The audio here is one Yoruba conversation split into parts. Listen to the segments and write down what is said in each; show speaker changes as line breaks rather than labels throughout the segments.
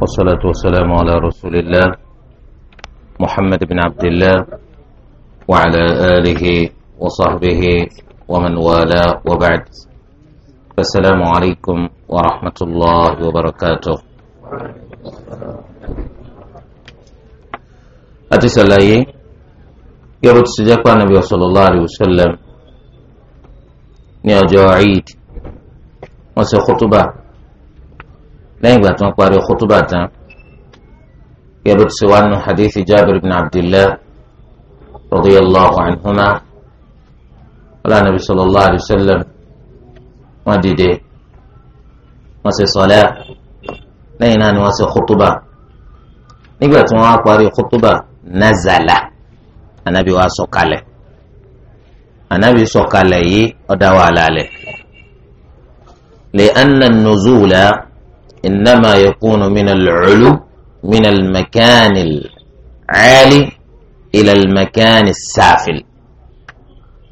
والصلاة والسلام على رسول الله محمد بن عبد الله وعلى آله وصحبه ومن والاه وبعد السلام عليكم ورحمة الله وبركاته أتي سلاي يرد سجاك النبي صلى الله عليه وسلم ní ọjọ́ eid wọ́n ṣe lẹ́yìn ìgbà tí wọ́n parí kútúbà tán gẹ́gẹ́ bó ti ṣe wá nínú hadithi Jabir ibn Abdillah radiyallahu anhuma ọlọ́run nàbí sallallahu alayhi wa sallam wọ́n dìde wọ́n ṣe sọ̀lẹ́ lẹ́yìn náà ni wọ́n ṣe kútúbà nígbà tí wọ́n á parí kútúbà nazala anabi wa sọ̀kalẹ̀ anabi sọ̀kalẹ̀ yìí ó dá wàhálà lẹ̀ anna nùzúlẹ̀. إنما يكون من العلو من المكان العالي إلى المكان السافل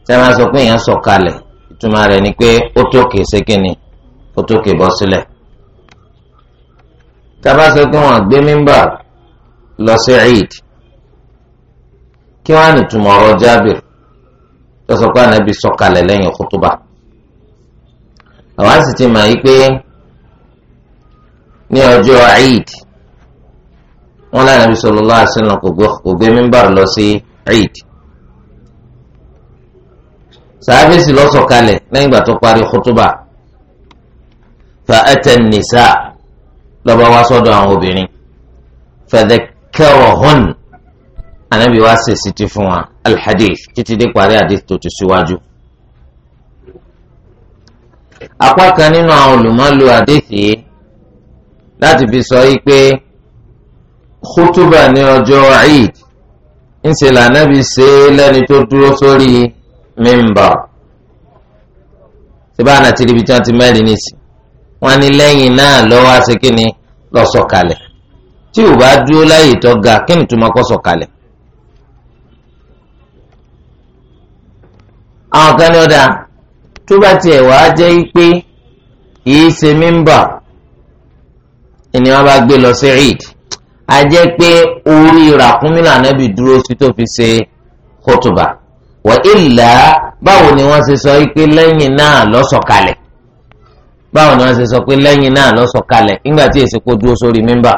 sẹ́wọ́n sọ pé èèyàn sọ̀kalẹ̀ ìtumọ̀ rẹ̀ ni pé ó tókè sékìní ó tókè bọ́ sílẹ̀ tábà sọ pé wọ́n gbé mímbà lọ sí eid kí wọ́n á nìtumọ̀ ọ̀rọ̀ jábìrì tó sọ pé ànábì sọ̀kalẹ̀ lẹ́yìn kútúbà àwọn sì ti mọ̀ yí pé ní ọjọ́ eid wọn lánàá bí sallallahu alaihi wasallam kò gbé mímbàrú lọ sí eid sàáfẹ́sì lọ́sọ̀kalẹ̀ lẹ́yìn ìgbà tó parí kútúbà fa atan nisa lọ́ba wá sọ́dọ̀ àwọn obìnrin fadhakkirahun anabi wa sèṣì ti fún wa alhadith títí dé parí hadith tó ti síwájú. apá kan nínú àwọn olùmọ̀lò hadith yìí láti fi sọ yìí pé kútúbà ní ọjọ́ eid ńṣe lànàbí ṣe lẹ́ni tó dúró sórí mímbà ṣé báyìí àti ibi tí wọ́n ti mẹ́rin nìsín wọ́n ní lẹ́yìn náà lọ́wọ́ àṣekínni lọ́sọ̀kalẹ̀ tí ò bá dúró láyè tó ga kí ni túmọ̀ kọ́ sọ̀kalẹ̀. àwọn kan ní ọ̀dà tó bá tiẹ̀ wá jẹ́ pé kì í ṣe mímbà ni wọ́n bá gbé lọ sí eid a jẹ́ pé orí ràkúnmílà ànábì dúró sí tó fi ṣe kótóbà wọ́n ìlà báwo ni wọ́n ṣe sọ pé lẹ́yìn náà lọ́sọ̀kalẹ̀ báwo ni wọ́n ṣe sọ pé lẹ́yìn náà lọ́sọ̀kalẹ̀ ìgbà tí èsì kó dúró sórí mímbà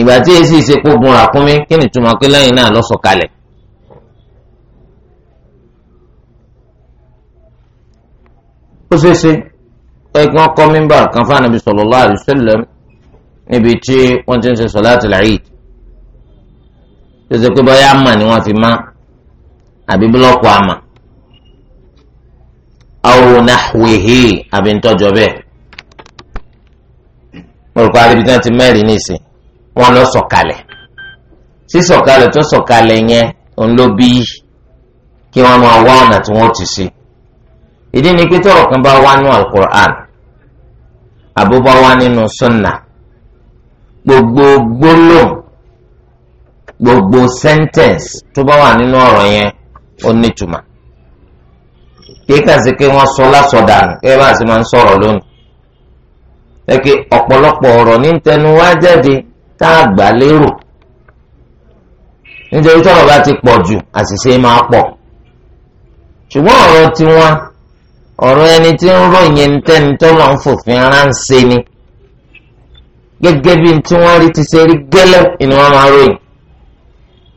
ìgbà tí èsì ìṣekó gun ràkúnmí kí ni túmọ̀ pé lẹ́yìn náà lọ́sọ̀kalẹ̀ ó ṣeé ṣe ẹgbọn kọ mímbà kan fún ànábì sallallahu alaihi wasallam níbi tí wọ́n ti ń ṣe sọ̀láàtì Eid tó ṣe pé bọ́yá àmà ni wọ́n fi má àbí búlọ́ọ̀kù àmà aw nahwihi àbí ntọ́jọ́ bẹ́ẹ̀ mo rò pé àríbi tí wọ́n ti mẹ́rin nísìn wọ́n lọ sọ̀kalẹ̀ sísọ̀kalẹ̀ tó sọ̀kalẹ̀ yẹn òun ló bí kí wọ́n máa wá ọ̀nà tí wọ́n ti ṣe ìdí ni pé tọ̀rọ̀ kan bá wá nínú alukur'an àbúbá wá nínú sunnah gbogbo gbólò gbogbo sentence tó bá wà nínú ọ̀rọ̀ yẹn ó nítumọ̀ kíkà sí pé wọ́n sọ lásọdànù kí ẹ bá sì máa ń sọ̀rọ̀ lónìí ẹ̀kẹ́ ọ̀pọ̀lọpọ̀ ọ̀rọ̀ ní tẹnu wá jáde tá a gbà lérò nítorí tọ́rọ̀ bá ti pọ̀ jù àṣìṣe máa pọ̀ ṣùgbọ́n ọ̀rọ̀ tiwọn ọ̀rọ̀ ẹni tí ń ròyìn tẹ́ni tọ́lọ́ ń fòfin ara ń ṣe ni gẹ́gẹ́ bí tí wọ́n rí ti ṣe rí gẹ́lẹ́ ni wọ́n máa ròyìn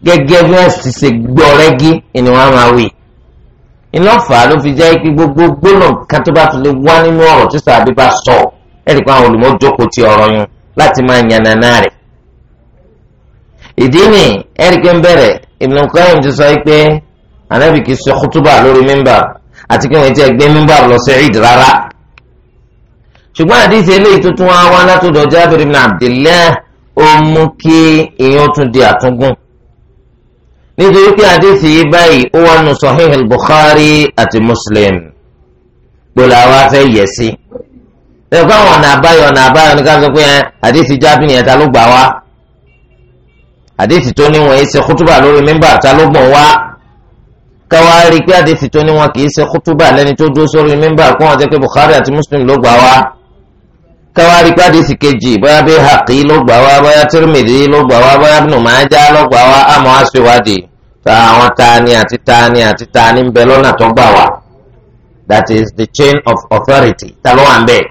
gẹ́gẹ́ bí wọ́n ti ṣe gbọ́ rẹ́gí ni wọ́n máa wí. ìlọ́fà ló fi jẹ́ pé gbogbo gbólóǹkan tó bá fi lè wá nínú ọ̀rọ̀ tí sàbí bá sọ ẹ̀rí pé àwọn olùmọ̀ ti ọ̀rọ̀ yun láti máa yànnàná rẹ̀. ìdí ni ẹ̀rí ń bẹ̀rẹ̀ Ibn ti sọ pé ànábì kì kútúbà lórí mímbà àti kí wọ́n ti ẹgbẹ́ mímbà lọ sí ìd rárá ṣùgbọ́n àdìsí eléyìí tuntun wá wá látọ̀dọ̀ Jábìr ibn Abdillah ó mú kí èèyàn tún di àtúngún nítorí pé àdìsí yìí báyìí ó wà nù Sahih al-Bukhari àti Muslim gbọ́dọ̀ àwa fẹ́ yẹ̀ sí ẹ̀kọ́ àwọn ọ̀nà àbáyọ ọ̀nà àbáyọ ní ká sọ pé àdìsí Jábìr yẹn ta ló gbà wá àdìsí tó ní wọn yìí ṣe kútúbà lórí mímbà ta ló gbọ̀n wá káwá rí pé àdìsí tó ní wọn kì í ṣe kútúbà lẹ́ni tó dúró sórí mímbà kó wọn jẹ́ pé Bukhari àti Muslim ló gbà wá káwárí pàdésì kejì bóyá bí hàkí ló gbà wá bóyá tírímìdì ló gbà wá bóyá ibnu májá ló gbà wá àmọ́ aṣèwádìí ta àwọn taani àti taani àti taani ń bẹ lọ́nà tó gbà wá that is the chain of authority ta ló wà ń bẹ̀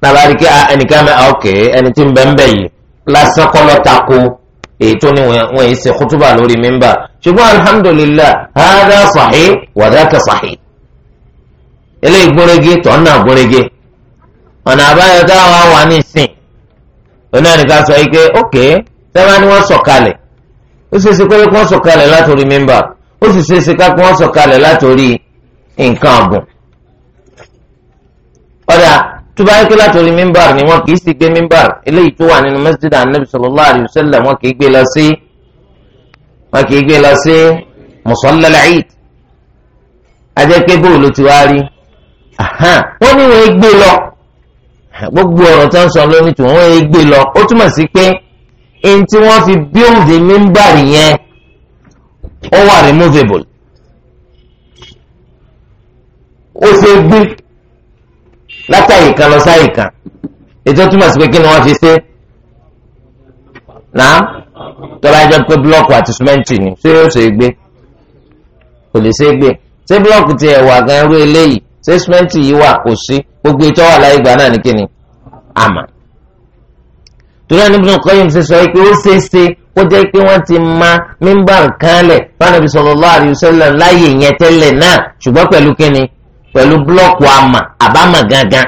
tábàárí kí ẹnìkan mẹ́ ọ̀kẹ́ ẹni tí ń bẹ ń bẹ̀ yìí lásán tako èyí tó ní yìí ṣe kútúbà lórí mímbà ṣùgbọ́n alhamdulillah hada sahih wa dhaka eléyìí gbórégé tọ́ náà gbórégé ọ̀nà àbáyọ táwọn àwọn àní sìn onáàdìgá sọ yìí pé ókè sẹ́wá ni wọ́n sọ̀kalẹ̀ ó ṣe é ṣe pé kí wọ́n sọ̀kalẹ̀ látòrí mímbà ó sì ṣe é ṣe ká kí wọ́n sọ̀kalẹ̀ látòrí nǹkan ọ̀gùn ọ̀dà tó bá yẹ kí látòrí mímbà ni wọn kì í sì gbé mímbà eléyìí tó wà nínú masjid anabi sallallahu alayhi wa sallam wọn kì í gbé lọ sí wọn kì í gbé wọ́n ní wọ́n gbé lọ gbogbo ọ̀rọ̀ tó ń sọ lónìí tí wọ́n yé gbé lọ ó túmọ̀ sí pé in tí wọ́n fi build mímbàrì yẹn ó wà removable ó ṣe gbé látàyè kan lọ sáyè kan ètò túmọ̀ sí pé kí ni wọ́n fi ṣe náà tọ́lá jẹ́ pé búlọ́ọ̀kù àti sìmẹ́ǹtì ni ṣé ó ṣe gbé kò lè ṣe gbé ṣé búlọ́ọ̀kù ti ẹ̀wà gan irú eléyìí assessment yìí wà kò sí gbogbo ètò wà láyé gbà náà ní kíni àmà torí àwọn sọ pé ó ṣeé ṣe kó jẹ́ pé wọ́n ti ma mímbà nǹkan lẹ̀ fanabi sallallahu alaihi wasallam láyè yẹn tẹ́lẹ̀ náà ṣùgbọ́n pẹ̀lú kíni pẹ̀lú búlọ́ọ̀kù àmà àbámà gangan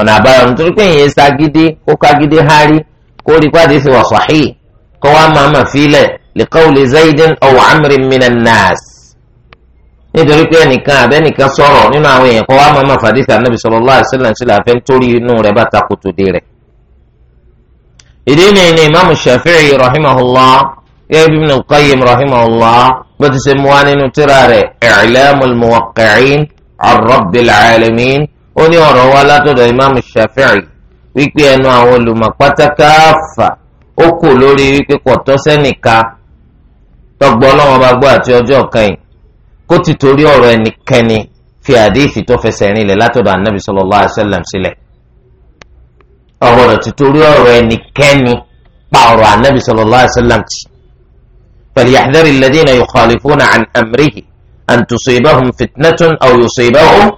ọ̀nà àbáyọ nítorí pé ìyẹn kó kó rí pàdé wà kó wá máa fílẹ̀ nítorí pé ẹnìkan àbẹ́nìkan sọ̀rọ̀ nínú àwọn èèyàn kan wá máa ma fàdísà nàbì sallallahu alaihi wasallam sílẹ̀ àfẹ́ nítorí inú rẹ̀ bá takòtò dé rẹ̀. ìdí ni ni imaamu shafi'i rahimahullah gẹ́gẹ́ bí ibn al-qayyim rahimahullah bó ti ṣe mú wá nínú tírà rẹ̀ i'lamul muwaqqi'in an rabbil alamin ó ní ọ̀rọ̀ wá látọ̀dọ̀ imaamu shafi'i wípé ẹnu àwọn olùmọ̀ pátákáfà kó ti torí ọ̀rọ̀ ẹnikẹ́ni fi àdéhìí tó fẹsẹ̀ rìn lẹ̀ látọ̀dọ̀ ànábì sọlọ lọ́wọ́ àṣẹlẹ̀m sílẹ̀ ọ̀rọ̀ ti torí ọ̀rọ̀ ẹnikẹ́ni pa ọ̀rọ̀ ànábì sọlọ lọ́wọ́ àṣẹlẹ̀m tì pẹ̀lú yàtẹ̀rì falyahdhari alladhina yukhalifuna náà amrihi an ìbáhùn fitnatun aw ìbáhùn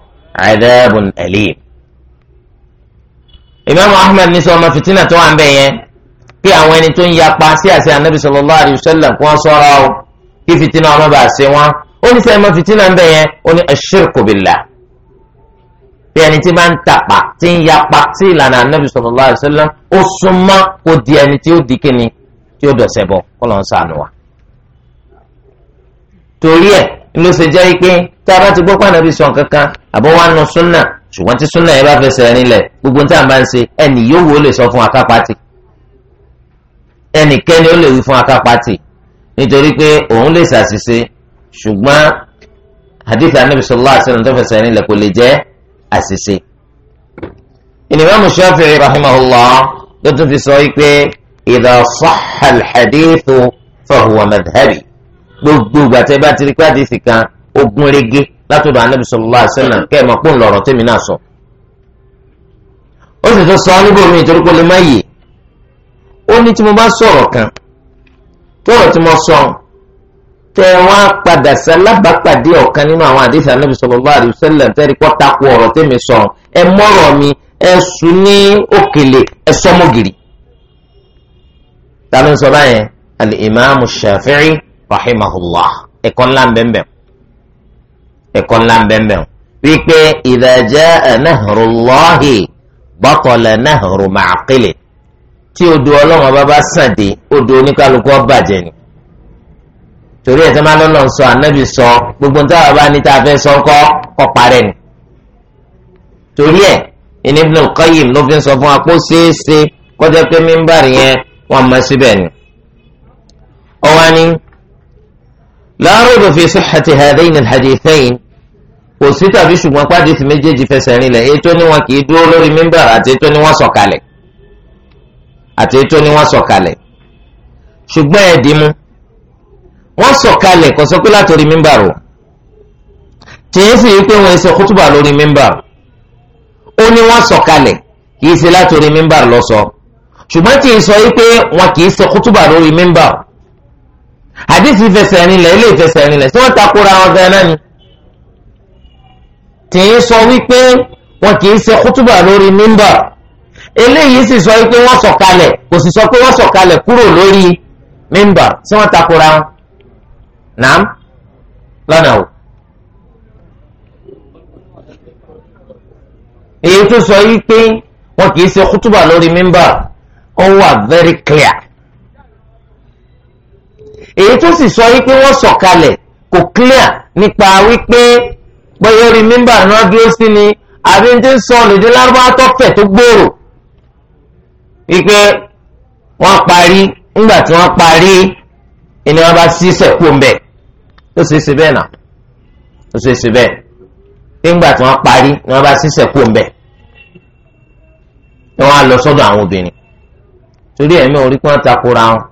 adhabun alim. ìmáàmù ahmed ní sọ ọmọ fìtínà tó wà ń bẹ yẹn kí àwọn ẹni tó ń yapa sí àṣẹ ànábì sọlọ lọ́wọ́ alaihi sẹlẹ̀ kó wọ́n sọ o kí fìtínà ọmọ bá ṣe wọ́n. ó ní sẹ́yìn mọ́ fìtínà ń bẹ̀ yẹn ó ní ashirku billah bí ẹni tí máa ń tàpá tí ń yapa sí ìlànà anabi sallallahu alaihi wasallam ó súnmọ́ kó di ẹni tí ó di kíni tí ó dọ̀sẹ̀ bọ̀ kó lọ́n sànù wa. torí ẹ̀ ló ṣe jẹ́ pé tá a bá ti gbọ́ pé anabi sọ kankan àbọ̀ wa nu súnà ṣùgbọ́n tí súnà yẹn bá fẹsẹ̀ rinlẹ̀ gbogbo tá a bá ń ṣe ẹnì yóò wò ó lè sọ fún akápátì ẹnikẹ́ni ó lè wí fún akápátì nítorí pé òun lè ṣàṣìṣe ṣùgbọ́n hadith anabi sallallahu alaihi wasallam tó fẹsẹ̀ nílẹ̀ kò lè jẹ́ àṣìṣe. ìnìmọ̀ Shafi'i rahimahullah ló tún fi sọ wípé idha sahha al-hadithu fahuwa madhhabi gbogbo gbàtẹ́ bá ti rí pé àdìsí kan ogun rege látọ̀dọ̀ anabi sallallahu alaihi wasallam kẹ́ ẹ̀ mọ̀ pé ń náà sọ. ó sì tún sọ níbo mi ìtorí kò lè má yè ó ní tí mo bá sọ̀rọ̀ kan tó ọ̀rọ̀ tí mo sọ tẹ wọn padà sálábàápàdé ọ̀kan nínú àwọn àdìsá nàbì sallallahu alaihi wasallam tẹrí kọ takò ọ̀rọ̀ tẹmí sọ̀rọ̀ ẹ mọ̀rọ̀ mi ẹ sùn ní òkèlè ẹ sọmọgìrì. ta ló ń sọ báyẹn al-imam shafi'i rahimahullah ẹ̀kọ́ ńlá bẹ́ẹ̀bẹ́ẹ̀ ẹ̀kọ́ ńlá bẹ́ẹ̀bẹ́ẹ̀ wípé idha jaa nahrullahi batala nahru tí odò ọlọ́run bá bá sàn dé odò oníkálukú ó bàjẹ́ ni torí ẹ̀sẹ̀ máa lọ́nà sọ ànábì sọ gbogbo ní táwọn bá ní tá a fẹ́ sọ kọ́ kọ́ parẹ́ ni torí ẹ̀ ìní Ibn al-Qayyim ló fi ń sọ fún wa kó ṣeéṣe kọjá pé mímbàrì yẹn wọ́n mọ síbẹ̀ ni. ọwọ́ ni la rayba fi sihhati hadhayn al-hadithayn kò sí tàbí ṣùgbọ́n pàdé ti méjèèjì fẹsẹ̀ rinlẹ̀ ètò ni wọn kì í dúró lórí mímbàrì àti ètò ni wọ́n sọ̀kalẹ̀ àti ètò ni wọ́n sọ̀kalẹ̀ ṣùgbọ́n ẹ̀dínmú wọ́n sọ̀kalẹ̀ kò sọ pé látòrí mímbà o tìyẹ́ sì wípé wọ́n ṣe kútùbà lórí mímbà ó ní wọ́n sọ̀kalẹ̀ kì í ṣe látòrí mímbà lọ sọ ṣùgbọ́n tí ì sọ wípé wọn kì í ṣe kútùbà lórí mímbà àdìsí fẹsẹ̀ nílẹ̀ ilé ìfẹsẹ̀ nílẹ̀ tí wọ́n takora wọn gan náà ni tìyẹ́ sọ wípé wọn kì í ṣe kútùbà lórí mímbà eléyìí sì sọ wípé wọ́n sọ̀kalẹ̀ kò sì sọ pé wọ́n sọ̀kalẹ̀ kúrò lórí mímbà tí wọ́n takora wọn nàám lọ́nà o. èyí tó sọ yìí pé wọn kì í ṣe kútùbà lórí mímbà ó wà very clear. èyí tó sì sọ yìí pé wọ́n sọ̀kalẹ̀ kò clear nípa wípé bóyá orí mímbà náà dúró sí ni àbí ní ti ń sọ lèdè lárúbá tọ́fẹ̀ tó gbòòrò wípé wọ́n parí nígbà tí wọ́n parí ìní wọn bá ṣiṣẹ́ kú mbẹ́ ó ṣe é ṣe bẹ́ẹ̀ náà ó ṣe é ṣe bẹ́ẹ̀ nígbà tí wọ́n parí ni wọ́n bá ṣiṣẹ́ kú mbẹ́ ni wọ́n á lọ sọ́dọ̀ àwọn obìnrin torí ẹ̀mí orí pé wọ́n takora wọn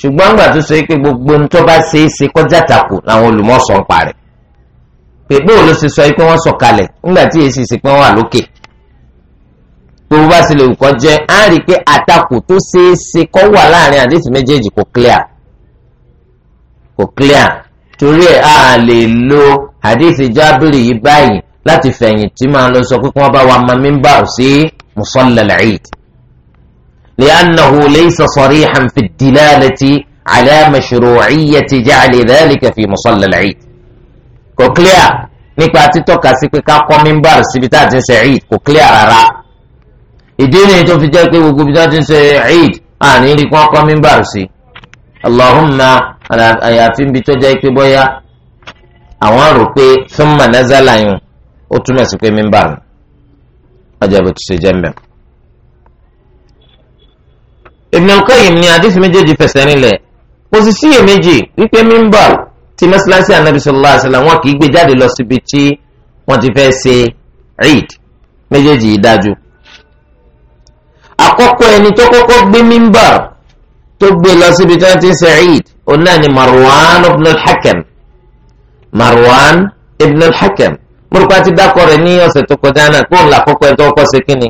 ṣùgbọ́n nígbà tó ṣe pé gbogbo ní tó bá ṣe é ṣe kọjá takò làwọn olùmọ̀ọ́sọ̀ ń parẹ́ pé bóò ló ṣe sọ pé wọ́n sọ kalẹ̀ nígbà tí èsì ṣe pé wọ́n wà lókè gbogbo bá ṣe lè kọ́ á rí i pé àtakò tó ṣe é ṣe kọ́ wà láàrin àdéhùn méjèèjì kò clear kò clear torí ẹ̀ a lè lo hadithi jábìrì yìí báyìí láti fẹ̀yìn tí máa lọ sọ pé kí wọ́n bá wa máa mímbà sí musalla al-eid. li'annahu laysa sarihan fi ad-dilalati ala mashru'iyyati ja'li dhalika fi musalla al-eid. kò clear nípa títọ́ka sí pé ká kọ́ mímbà síbi tá a ti ń ṣe eid kò clear rárá. ìdí ni tó fi jẹ́ pé gbogbo ibi tá a ti ń ṣe eid àní rí kí wọ́n kọ́ mímbà sí àyàfi ń bi tó jẹ́ pé bọ́yá àwọn rò pé súnmọ̀ nẹ́sàlà yìí ó túmọ̀ sí pé mímbà ni ọjà bó ti ṣe jẹ́ mbẹ́. Ibn al-Qayyim ni àdìsí méjèèjì fẹsẹ̀ nílẹ̀ kò sì síyè méjì wípé mímbà tí mẹ́sàlásì ànábì sallallahu alaihi wasallam wọn kì í gbé jáde lọ síbi tí wọ́n ti fẹ́ ṣe Eid méjèèjì yìí dájú. àkọ́kọ́ ẹni tó kọ́kọ́ gbé mímbà tó gbé lọ síbi tí wọ́n ti ń ṣe Eid òun náà ni marwan ibn al-hakam marwan ibn al-hakam mọ̀rùkọ́ àti dákọ̀ rẹ̀ ní ọ̀sẹ̀ tó kọjá náà kó ń la kọ́kọ́ ẹni tó kọ́ sí kínni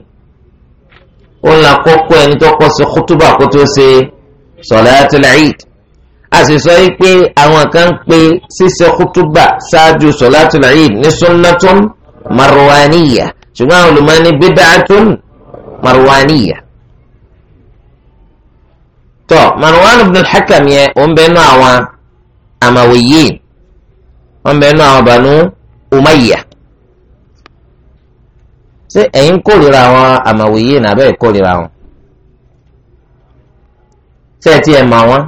ó ń la kọ́kọ́ ẹni tó kọ́ sí kútúbà kó tó ṣe sọ̀láàtìl Eid a sì sọ yìí pé àwọn kan pé ṣíṣe kútúbà ṣáájú sọ̀láàtìl Eid ní sunnatun marwaniya ṣùgbọ́n àwọn olùmọ̀ marwaniya tọ Marwan ibn al-Hakam yẹn ó bẹ nú àwọn bẹ Banu Umayya ṣé ẹ̀yin kórìíra àwọn na nàbẹ́ ìkórìíra wọn ṣé ẹ ti ẹ̀ mọ̀ wọn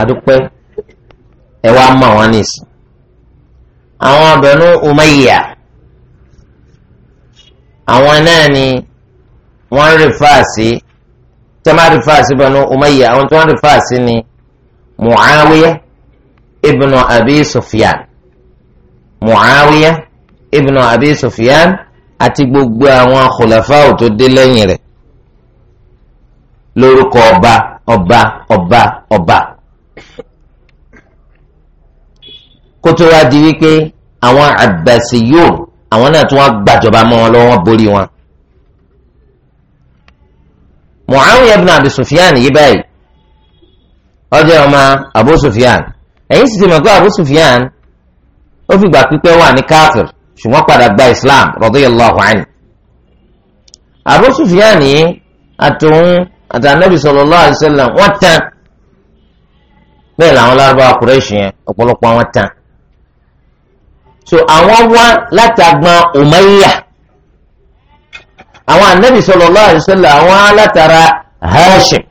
àdúpẹ́ ẹ wá wọn àwọn
tẹ́lẹ̀ rí fáàsì
banu umayya àwọn tí wọ́n rí fáàsì ni muawiya ibnu abi sufyan muawiya ibnu abi sufyan àti gbogbo àwọn khulafa'u tó dé lẹ́yìn rẹ̀ lórúkọ ọba ọba ọba ọba kótó wa di wípé àwọn àbàsí yóò àwọn náà tí wọ́n gbàjọba mọ́ wọn lọ́wọ́ borí wọn. Muawiya ibn Abi Sufyan yìí báyìí ọjọ́ ọmọ Abu Sufyan ẹ̀yin sì ti mọ̀ pé Abu Sufyan ó fìgbà pípẹ́ wà ní káfíìr ṣùgbọ́n padà gba Islam radiyallahu anhu Abu Sufyan yìí àtòun àtànàbì sallallahu alaihi wasallam wọ́n tán bẹ́ẹ̀ làwọn lárúbáwá Quraysh yẹn ọ̀pọ̀lọpọ̀ àwọn tán so àwọn wá látàgbọn Umayya àwọn ànábì sallallahu alaihi wasallam àwọn alátara Hashim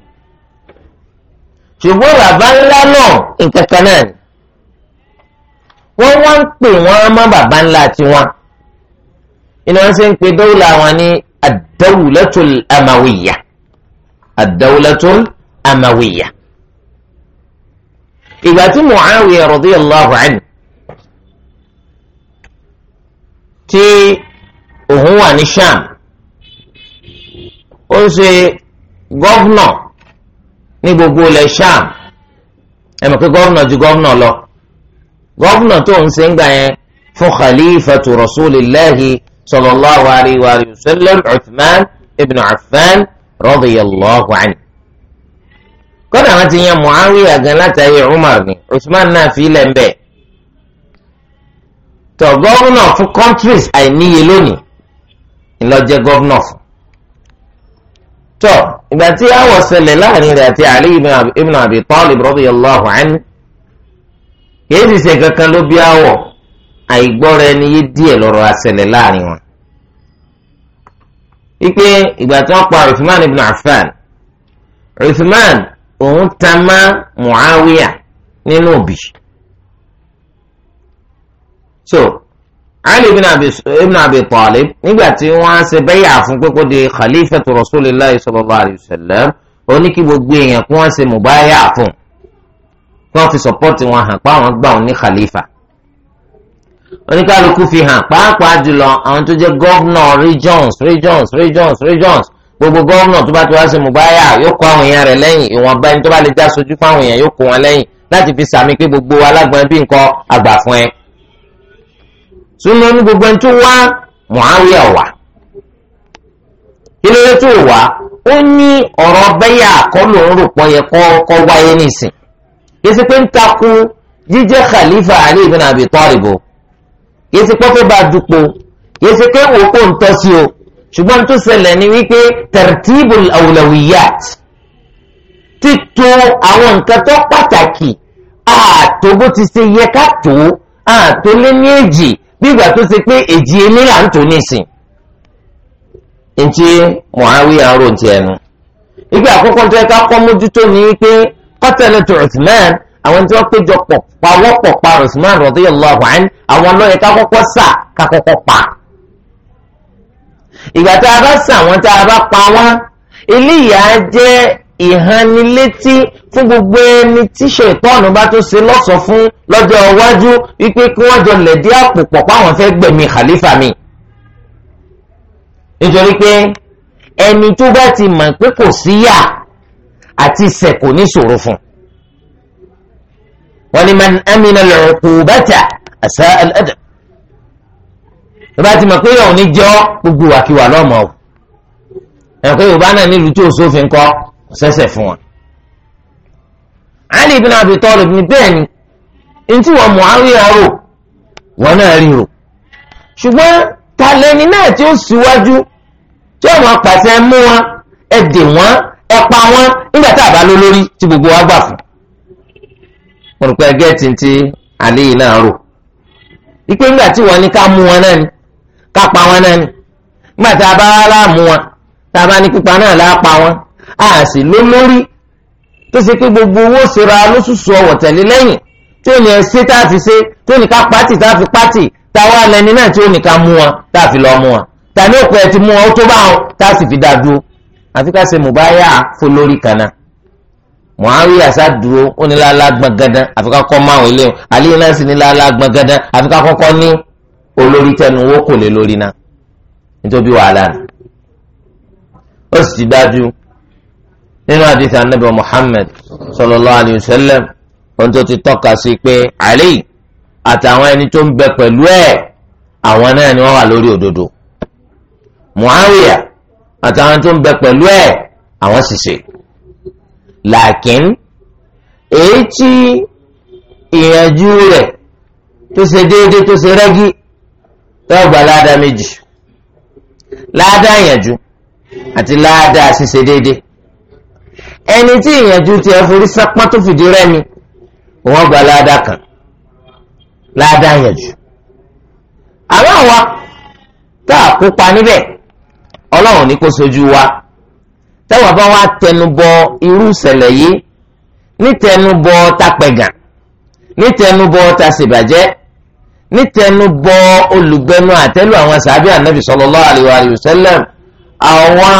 ṣùgbọ́n bàbá ńlá náà nǹkan kan náà ni wọ́n wá ń pè wọ́n mọ́ bàbá ńlá tiwọn iná wọn ṣe ń pe dọ́wùlà wọn ní ad-dawlatul amawiyya ad ìgbà tí Muawiya radiyallahu anhu tí òun wà ní Sham ó ń ṣe gọ́vnọ̀ ní gbogbo ilẹ̀ sham ẹ mọ̀ pé gọ́vnọ̀ ju gọ́vnọ̀ lọ gọ́vnọ̀ tó ń ṣe ń gbà yẹn fún khalifatu rasulillahi sallallahu alayhi wa sallam uthman ibn affan radiyallahu anhu kódà wọn ti yan muawiya gan látàrí umar ni usman náà fi ilẹ̀ ń bẹ̀ tó gọ́vnọ̀ fún countries àìníye lónìí ńlọ jẹ́ gọ́vnọ̀ fún tọ́ ìgbà tí àwọ̀ ṣẹlẹ̀ láàrin rẹ̀ àti Ali ibn Abi Talib radiyallahu anhu kìí sì ṣe kankan ló bí àwọ̀ àìgbọ́ra ẹni yé díẹ̀ lọ́rọ̀ àṣẹlẹ̀ láàrin wọn. wípé ìgbà tí wọ́n pa Uthman ibn Affan Uthman òun ta má Muawiya nínú òbí. so ali ibn abi ibn abi talib nígbà tí wọ́n á ṣe bẹ́yà fún pé kó di khalifatu rasulillahi sallallahu alayhi wa sallam ó ní kí gbogbo èèyàn kí wọ́n ṣe mùbáyà fún kí wọ́n fi sọ́pọ́tì wọn hàn pé àwọn gbà wọn ní khalifa oníkálukú fi hàn pàápàá jùlọ àwọn tó jẹ́ gọ́vnọ̀ regions regions regions regions gbogbo gọ́vnọ̀ tó bá ti wá sí mùbáyà yóò kó àwọn èèyàn rẹ̀ lẹ́yìn ìwọ̀nba ẹni tó bá lè já sojú fáwọn èèyàn yóò kó wọn lẹ́yìn láti fi sàmì pé gbogbo alágbọ̀n bí nǹkan àgbà fún ẹ súnmọ́ ní gbogbo ẹni tó wá Muawiya wà ilé tó wà ó ní ọ̀rọ̀ bẹ́yà àkọlù ń rò pọ́n yẹ kọ́ wáyé nìsín yẹsi pé ń takú jíjẹ́ khalifa Ali ibn Abi Talib yẹsi pé bá dupò yẹsi pé wò kó ń tọ́ sí o ṣùgbọ́n tó ṣẹlẹ̀ ni wípé tartibul awlawiyat títò àwọn nǹkan tó pàtàkì àtò bó ti ṣe yẹ ká tó àtò lé ní èjì bí ìgbà tó ṣe pé èjì ilé là ń tò nísìn ntí Muawiya ń rò ti ẹnu ìgbà àkọ́kọ́ tó yẹ ká kọ́ mójútó ni pé qatalatu Uthman àwọn tí wọ́n péjọ pọ̀ pawọ́pọ̀ pa Uthman radiyallahu anhu àwọn lọ́yẹ ká kọ́kọ́ sà ká kọ́kọ́ pa ìgbà tá a bá sà wọ́n tá a bá pa wọ́n eléyìí á jẹ́ ìhánilétí fún gbogbo ẹni tí ṣètọ́ọ̀nù bá tó ṣe lọ́sọ̀ fún lọ́jọ́ iwájú wípé kí wọ́n jọ lẹ̀dí àpò pọ̀ páwọn fẹ́ gbẹ̀mí khalifa mi. nítorí pé ẹni tó bá ti mọ̀ pé kò síyà àti ìṣẹ̀ kò ní ṣòro fún. wọ́n ní man amina al-uqubata asa'a al-adab.
tó bá ti mọ̀ pé yóò ní jọ́
gbogbo wàkiwà lọ́mọ ẹ̀ pé yorùbá náà nílùú tí ò kọ́ sẹ́sẹ̀ fún wọn. Ali ibn Abi Talib ní bẹ́ẹ̀ ni ntí wọ́n Muawiya rò wọ́n náà rí rò ṣùgbọ́n talẹ́ni náà tí ó síwájú tí ọmọ apàṣẹ mú wọn ẹ dè wọn ẹ wọn nígbà tá a bá ló lórí tí gbogbo wa gbà fún. mo rò pé ti Ali náà rò wípé nígbà tí wọ́n ní ká mú wọn náà ni ká pa wọn náà ni nígbà tá a bá rárá mú wọn
tá a bá ní pípa náà láà
wọn a sì lólórí tó ṣe pé gbogbo owó ṣera lóṣooṣù ọ̀wọ̀ tẹ̀lé lẹ́yìn tí ò ní ẹ ṣe tá a ti ṣe tí ò ní ká pátì tá a fi pátì tá a wá lẹni náà tí ò ní ká mú wọn tá a fi lọ mú wọn tá a ní òpin ẹ ti mú wọn ó tó bá wọn tá a sì fi dá dúró ká ṣe mùbáyà fún lórí kan muhammed asa dúró ó ní lálá gbọn gandan kọ́ máwọn ilé aliyu náà sì ní lálá gbọn gandan kọ́kọ́ ní olórí tẹnu owó kò lè lórí náà nítorí wàhálà ó sì ti dájú nínú àdìsí anábì Muhammad sallallahu alayhi wa sallam ohun tó ti tọ́ka sí pé Ali àtàwọn ẹni tó ń bẹ pẹ̀lú ẹ̀ àwọn náà ni wọ́n wà lórí òdodo Muawiya àtàwọn tó ń bẹ pẹ̀lú ẹ̀ àwọn sì ṣe làákín èyí tí ìyànjú rẹ̀ tó ṣe déédéé tó ṣe rẹ́gí tó gba láàdá méjì láàdá ìyànjú àti láàdá ṣíṣe déédéé ẹni tí ìyànjú ti ẹ forí sápá tó fìdí rẹmi wọ́n gba láàdá kan láàdá ìyànjú àmọ́ àwa tá a kópa níbẹ̀ ọlọ́run ní kó sojú wa táwa bá wá tẹnubọ irú ìṣẹ̀lẹ̀ yìí nítẹnubọ tapẹ̀gàn nítẹnubọ tasìbàjẹ́ nítẹnubọ olùgbẹnu àtẹ́lù àwọn sàbí ànábì sallallahu alaihi wa sallam àwọn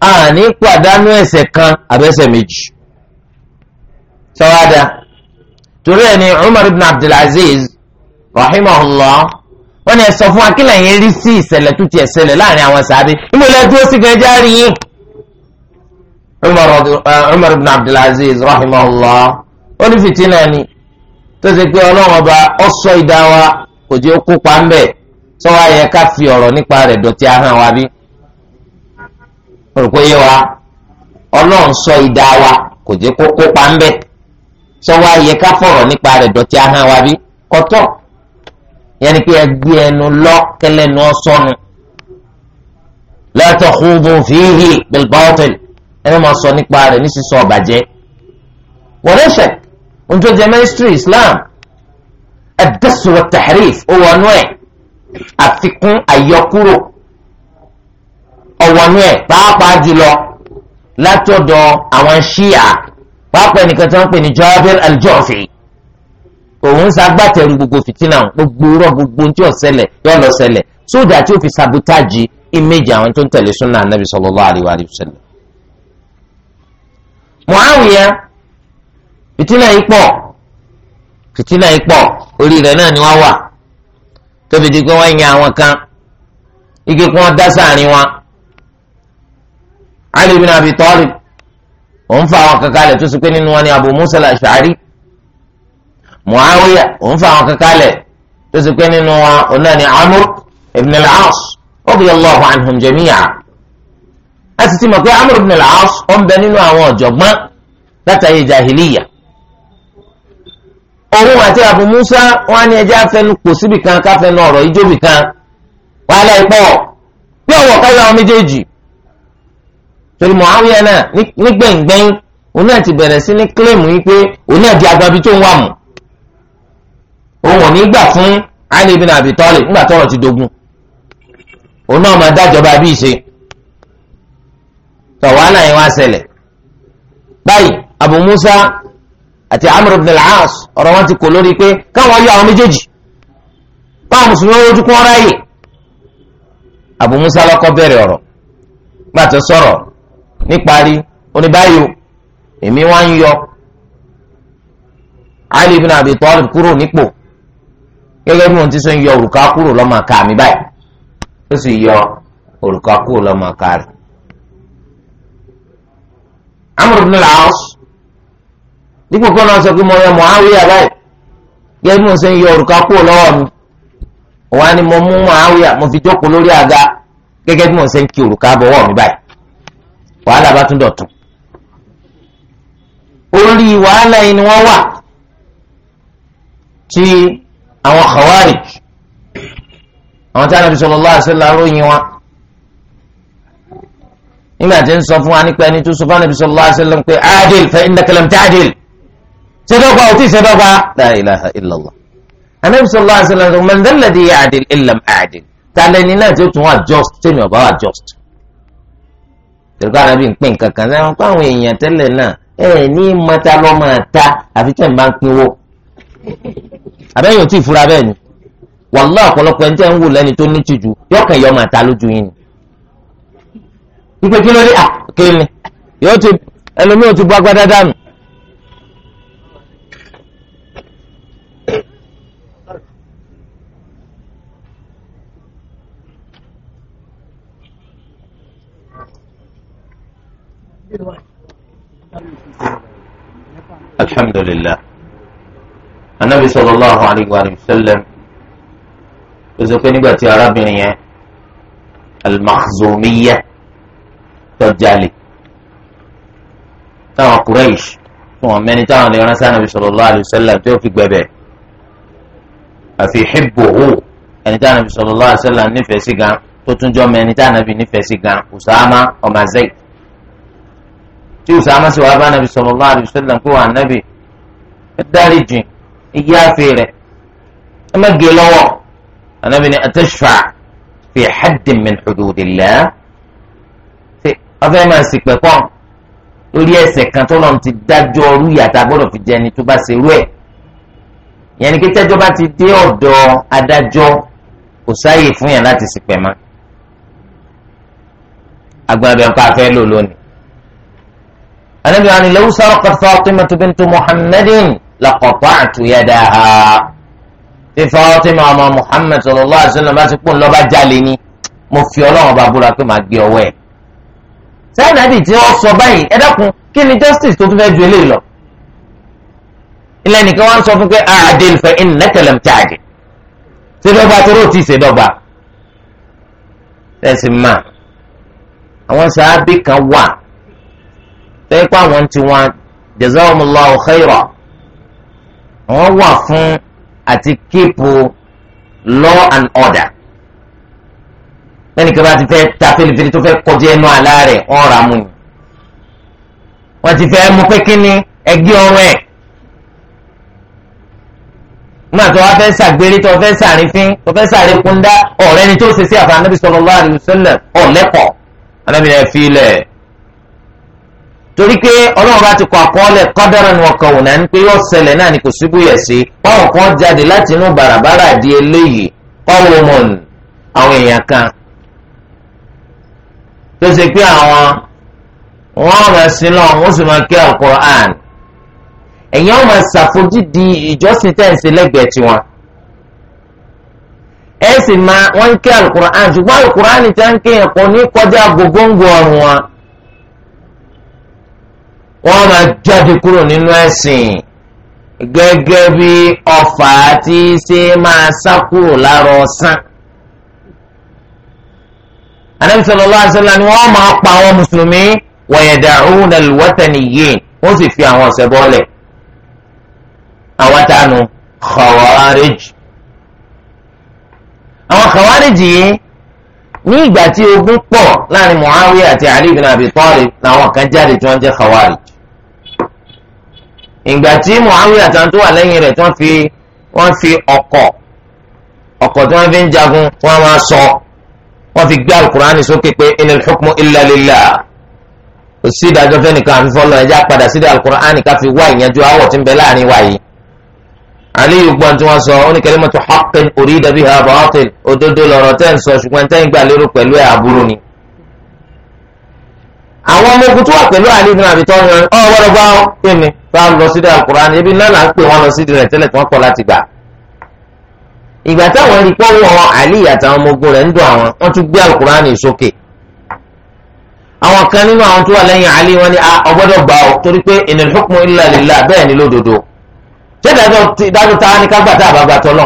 a ní pàdánù ẹsẹ̀ kan àbẹ́sẹ̀ méjì sọ́wádà torí ẹni Umar ibn Abdulaziz rahimahullah wọ́n ní ẹ fún akínlẹ̀ yẹn rí sí ìṣẹ̀lẹ̀ tó ti ẹ̀ṣẹ̀lẹ̀ láàrin àwọn sàbẹ̀ ìmọ̀lẹ́ dúró sí gẹ́gẹ́ yín Umar ibn Abdulaziz rahimahullah ó ní fìtínà ni tó ṣe pé ọlọ́run ọba ọ̀sọ́ wa kópa ká fi ọ̀rọ̀ nípa òrùkọ yé wa ọlọ́run sọ ìdá wa kò jẹ́ kó kópa ń bẹ̀ sọ wá yẹ ká fọ̀rọ̀ nípa rẹ̀ dọ̀tí ahọ́n wa bí kọ́tọ̀ yẹn ni pé ẹgbẹ́ ẹnu lọ kẹlẹ́nu ọ̀sọ́nu la takhudu fihi bil ẹni máa sọ nípa rẹ̀ ní sísọ ọ̀bàjẹ́ wọ̀rẹ́fẹ̀ ohun tó jẹ́ mẹ́sítírì Islam ad-dass wa at ẹ̀ àfikún àyọkúrò ọ̀wọ̀nú ẹ̀ pàápàá jùlọ látọ̀dọ̀ àwọn ṣíà pàápàá ẹnìkan tí wọ́n pè ní Jabir al-Jufi òun ń ṣagbátẹrù gbogbo fìtínà gbogbo rọ gbogbo tí ó ṣẹlẹ̀ yọ lọ ṣẹlẹ̀ sódà tí ó fi sabotage image àwọn tó ń tẹ̀lé súnà Nabi sallallahu alaihi wa sallam. Muawiya fìtínà yìí pọ̀ fìtínà yìí pọ̀ orí rẹ̀ náà ni wọ́n wà tóbi di pé wọ́n yan àwọn kan igi kí wọ́n dá sáàrin wọn ali bin abi talib òun fa àwọn kankan lẹ̀ tó sì pé nínú wọn ni abu musa al-ash'ari muawiya òun fa àwọn kankan lẹ̀ tó sì pé nínú wọn òun náà ni amur ibn al-as radiyallahu anhum jami'a a sì ti mọ̀ pé amur ibn al-as ó ń bẹ nínú àwọn ọ̀jọ̀gbọ́n látàyè jahiliya òun àti abu musa wọn ni ẹjẹ afẹnu kò síbi kan káfẹnu ọ̀rọ̀ ijóbi kan wàhálà ìpọ bí ọwọ́ káyọ àwọn méjèèjì torí Muawiya náà nígbẹ̀ngbẹ̀ng òun náà ti bẹ̀rẹ̀ sí ní kílẹ̀mù wípé òun náà di agbábi tó ń wà mù
òun ò ní gbà fún Ali ibn Abi Talib nígbà tọ́rọ̀ ti dogun òun náà máa dájọba bí ìṣe
tọ̀ wàhálà yẹn wá ṣẹlẹ̀ báyìí Abu Musa àti Amr ibn al-As ọ̀rọ̀ wọn ti kò lórí pé káwọn yọ àwọn méjèèjì káwọn mùsùlùmí ojú kún ọ́ráyè Abu Musa lọ́kọ́ bẹ̀rẹ̀ ọ̀rọ̀ gbàtọ́ sọ̀rọ̀ níparí oníbáyò èmi wá ń yọ Ali ibn Abi Talib kúrò nípò gẹ́gẹ́ bí wọ́n ti sọ ń yọ òrùka kúrò lọ́mọ ká mi báyìí ó sì yọ òrùka kúrò lọ́mọ ká rẹ̀. Amr ibn al-As dípò kí wọ́n sọ pé mo yọ Muawiya báyìí gẹ́gẹ́ bí wọ́n ṣe ń yọ òrùka kúrò lọ́wọ́ mi òwa ni mo mú Muawiya mo fi jókòó lórí àga gẹ́gẹ́ bí wọ́n ṣe ń kí òrùka bọ̀wọ́ mi báyìí wàhálà bá tún dọ̀tún orí wàhálà yìí ni wọ́n wà tí àwọn khawarij àwọn tí Ànábì sallallahu alaihi wasallam ròyìn wọn nígbà tí ń sọ fún wa nípa ẹni tó sọ fún Ànábì sallallahu alaihi wasallam pé adil fa innaka lam ta'dil sẹ́dọ̀gba ò tí sẹ́dọ̀gba la ilaha illallah Ànábì sallallahu alaihi wasallam man dhalladhi ya'dil illam a'dil tàlẹ́ni náà tí ó tún wà just tẹ́mi ọ̀bá wà just tẹ̀lé káwọn bí ń pín kankan náà wọn kó àwọn èèyàn tẹ́lẹ̀ náà ẹ ní mọ́ta lọ́ máa ta àfi tẹ̀ ń bá ń pinwó àbẹ́yìn ò tí ì fura bẹ́ẹ̀ ni wàlúwà ọ̀pọ̀lọpọ̀ ẹni tẹ́ ń wò lẹ́ni tó ní tìjú yọkàn yọ máa ta lójú yín ni. wípé kí ló dé à kí ni yóò ti ẹlòmíràn ti bọ́ agbádá dànù الحمد لله
النبي صلى الله عليه
وسلم إذا كان يقول يا ربي المخزومية تجالي تاو قريش هو من تاو اللي ينسى النبي صلى الله عليه وسلم جو في قبابه أفي حبه أن النبي صلى الله عليه وسلم نفسي قام قلت نجو من تاو النبي نفسي قام أسامة وما زيت tí Usama sì wá bá nàbì sallallahu alaihi wasallam kó wà nàbì ẹ dárí jìn iye àfẹ rẹ ẹ má gé lọ́wọ́ ànàbì ni atashfa fi haddin min hududillah ṣe ọfẹ máa sì pẹpọ lórí ẹ̀ṣẹ̀ kan tó lọ́n ti dájọ́ ọrú yàtá gbọ́dọ̀ fi jẹ ẹni tó bá ṣe rú ẹ̀ yẹn ni kí bá ti dé ọ̀dọ̀ adájọ́ kò sáàyè fún yàn láti sì pẹ̀ mọ́ agbọ̀n abẹ́ńkọ́ afẹ́ lò lónìí anabi ani law sarqat fatima bintu muhammadin laqata'tu yadaha fi fatima ọmọ muhammad sallallahu alaihi wasallam bá ti kún lọ́ba jalè ni mo fi ọlọ́run bá búra pé màá gbé ọwọ́ ẹ̀ sẹ́yìn nàbì tí wọ́n sọ báyìí ẹ dákun justice tó tún fẹ́ ju eléyìí lọ ilẹ̀ nìkan wá ń sọ fún pé àdèl fẹ́ innaka lam ta'dil ṣèdọ́gba tó rò tí ṣèdọ́gba tẹ̀sí mà àwọn sàábì kan wà tẹ́yìn pé àwọn ti wọn jazahumullahu khaira wọ́n wà fún àti kíìpù law and order lẹ́nu kí wọ́n ti fẹ́ ta fèlèfèlè tó fẹ́ kọjú ẹnu àlá rẹ̀ wọ́n rà mú yìí wọ́n ti fẹ́ mú pé kí ni ẹgbẹ́ ọ̀rọ̀ ẹ̀ nígbà tó wá fẹ́ sàgbérí tó fẹ́ sàrífín tó fẹ́ sàríkúndá ọ̀rẹ́ni tó ṣe sí àfààní Nabi sallallahu alaihi wasallam ọ̀lẹ́kọ̀ọ́ anábìyẹn fi ilẹ̀ torí pé ọlọ́run bá ti kọ àkọọ́lẹ̀ qadaran wa qawnan pé yóò ṣẹlẹ̀ náà ni kò síbú yẹ̀ sí kan jáde láti inú bàràbàrà di eléyìí qawmun àwọn èèyàn kan tó ṣe pé àwọn wọn máa sin lọ wọn sì máa kí ẹ̀yin ìjọsìn tẹ̀sí lẹ́gbẹ̀ẹ́ tiwọn ẹ sì máa wọn ń kí ṣùgbọ́n wọ́n máa jáde kúrò nínú ẹ̀sìn gẹ́gẹ́ bí ọfà tí ṣe máa sá kúrò lára ọ̀sán. Ànábì sallallahu alaihi wasallam ni wọ́n máa pa àwọn mùsùlùmí wa yada'una al-wataniyyin wọ́n sì fi àwọn ọ̀sẹ̀ bọ́ọ̀lẹ̀. àwọn tánu khawarij. àwọn khawarij yìí ní ìgbà tí ogun pọ̀ láàrin Muawiya àti Ali ibn làwọn kan jáde tí wọ́n jẹ́ khawarij ìgbà tí Muawiya àtàwọn tó wà lẹ́yìn rẹ̀ tí wọ́n fi wọ́n fi ọ̀kọ̀ ọ̀kọ̀ tí wọ́n fi ń jagun tí wọ́n máa sọ wọ́n fi gbé alukurani sókè pé inil hukmu illa lillah kò sí ìdájọ́ fẹ́nìkan àfi fọ́lọ́ ẹ̀já padà sí alukurani ká fi wá ìyẹnjú àwọ̀ tí ń bẹ láàrin wa yìí. aliyu gbọ́n tí wọ́n sọ ó ní kalimatu haqqin urida biha batil òdodo lọ̀rọ̀ tẹ́ ń sọ ṣùgbọ́n tẹ́ ń gbà lérò pẹ̀lú ẹ̀ aburú ni
àwọn ọmọ ogun tó wà pẹ̀lú Ali ibn Abi Talib ọ wọ́n bá wọn kí
ni bá lọ sí dẹ̀ Al-Qur'an ebi náà là ń pè wọn lọ sí dẹ̀ tẹ́lẹ̀ tí wọ́n kọ́ láti gbà. ìgbà táwọn rí pọ́wọ́ wọn Ali àtàwọn ọmọ ogun rẹ̀ ń dùn àwọn wọ́n tún gbé Al-Qur'an ní àwọn kan nínú àwọn tó wà lẹ́yìn Ali wọn ni ọgbọ́dọ̀ gbà ọ torí pé inil hukmu illa lillah bẹ́ẹ̀ ni ni ká gbà tá àbá gbà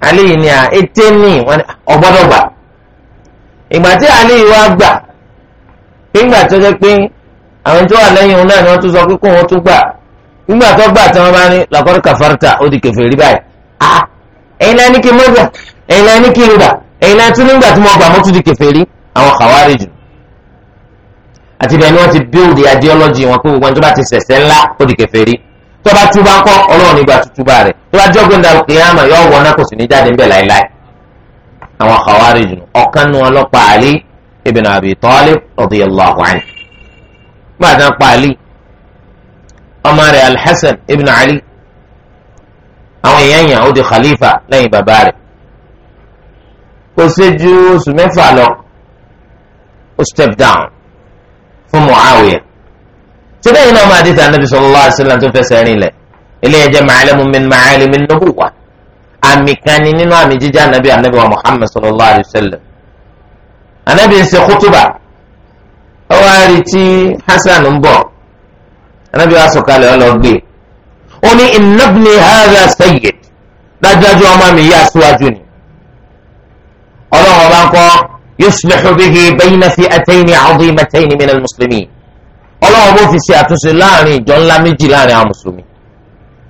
Ali ni à ètè ní ọgbọ́dọ̀ gbà Ali wa nígbà tó jẹ́ pé àwọn tó wà lẹ́yìn òun náà ni wọ́n tún sọ pé kó wọ́n tún gbà nígbà tó gbà tí wọ́n bá ní làkọ́rọ́ kàfárítà ó di kẹfẹ́ rí báyìí ah, ah ẹ̀yin náà ní kí n mọ̀ gbà ẹ̀yin náà ní kí n gbà ẹ̀yin náà tún nígbà tí mo gbà mo tún di kẹfẹ́ rí àwọn kàwárí jù àti bẹ́ẹ̀ ni wọ́n ti build ideology wọn pé gbogbo ẹni tó bá ti ṣẹ̀ṣẹ̀ ńlá ó di kẹfẹ́ rí tó bá túbá ńkọ́ ọlọ́run nígbà túbá rẹ̀ tó bá jọ́gbìn dàrú kìyàmà ibn abi talib radiyallahu anhu gbàdán pa ali ọmọ rẹ̀ alhassan ibn ali àwọn èèyàn yàn ó di khalifa lẹ́yìn bàbá rẹ̀ kò séjú oṣù mẹ́fà lọ ó step down fún muawiya tí lẹ́yìn náà máa dìtà nàbì sallallahu alaihi wasallam tó fẹsẹ̀ rìn lẹ̀ ilé ẹjẹ ma'alimu min ma'alimi nubuwa àmì kan ní nínú àmì jíjà nàbì ànàbì wa muhammad sallallahu alaihi wasallam anabi ń ṣe kútúbà ó wá rí tí hasan ń bọ̀ anabi wa sọ̀kalẹ̀ ọlọ́gbé ó ní innabni hadha sayyid dájúdájú ọmọ mi yá síwájú ni ọlọ́run ọba ń kọ́ yuslihu bihi bayna fi'atayni 'azimatayni min al-muslimin ọlọ́run bó fi ṣe àtúnṣe láàrin ìjọ ńlá méjì láàrin àwọn mùsùlùmí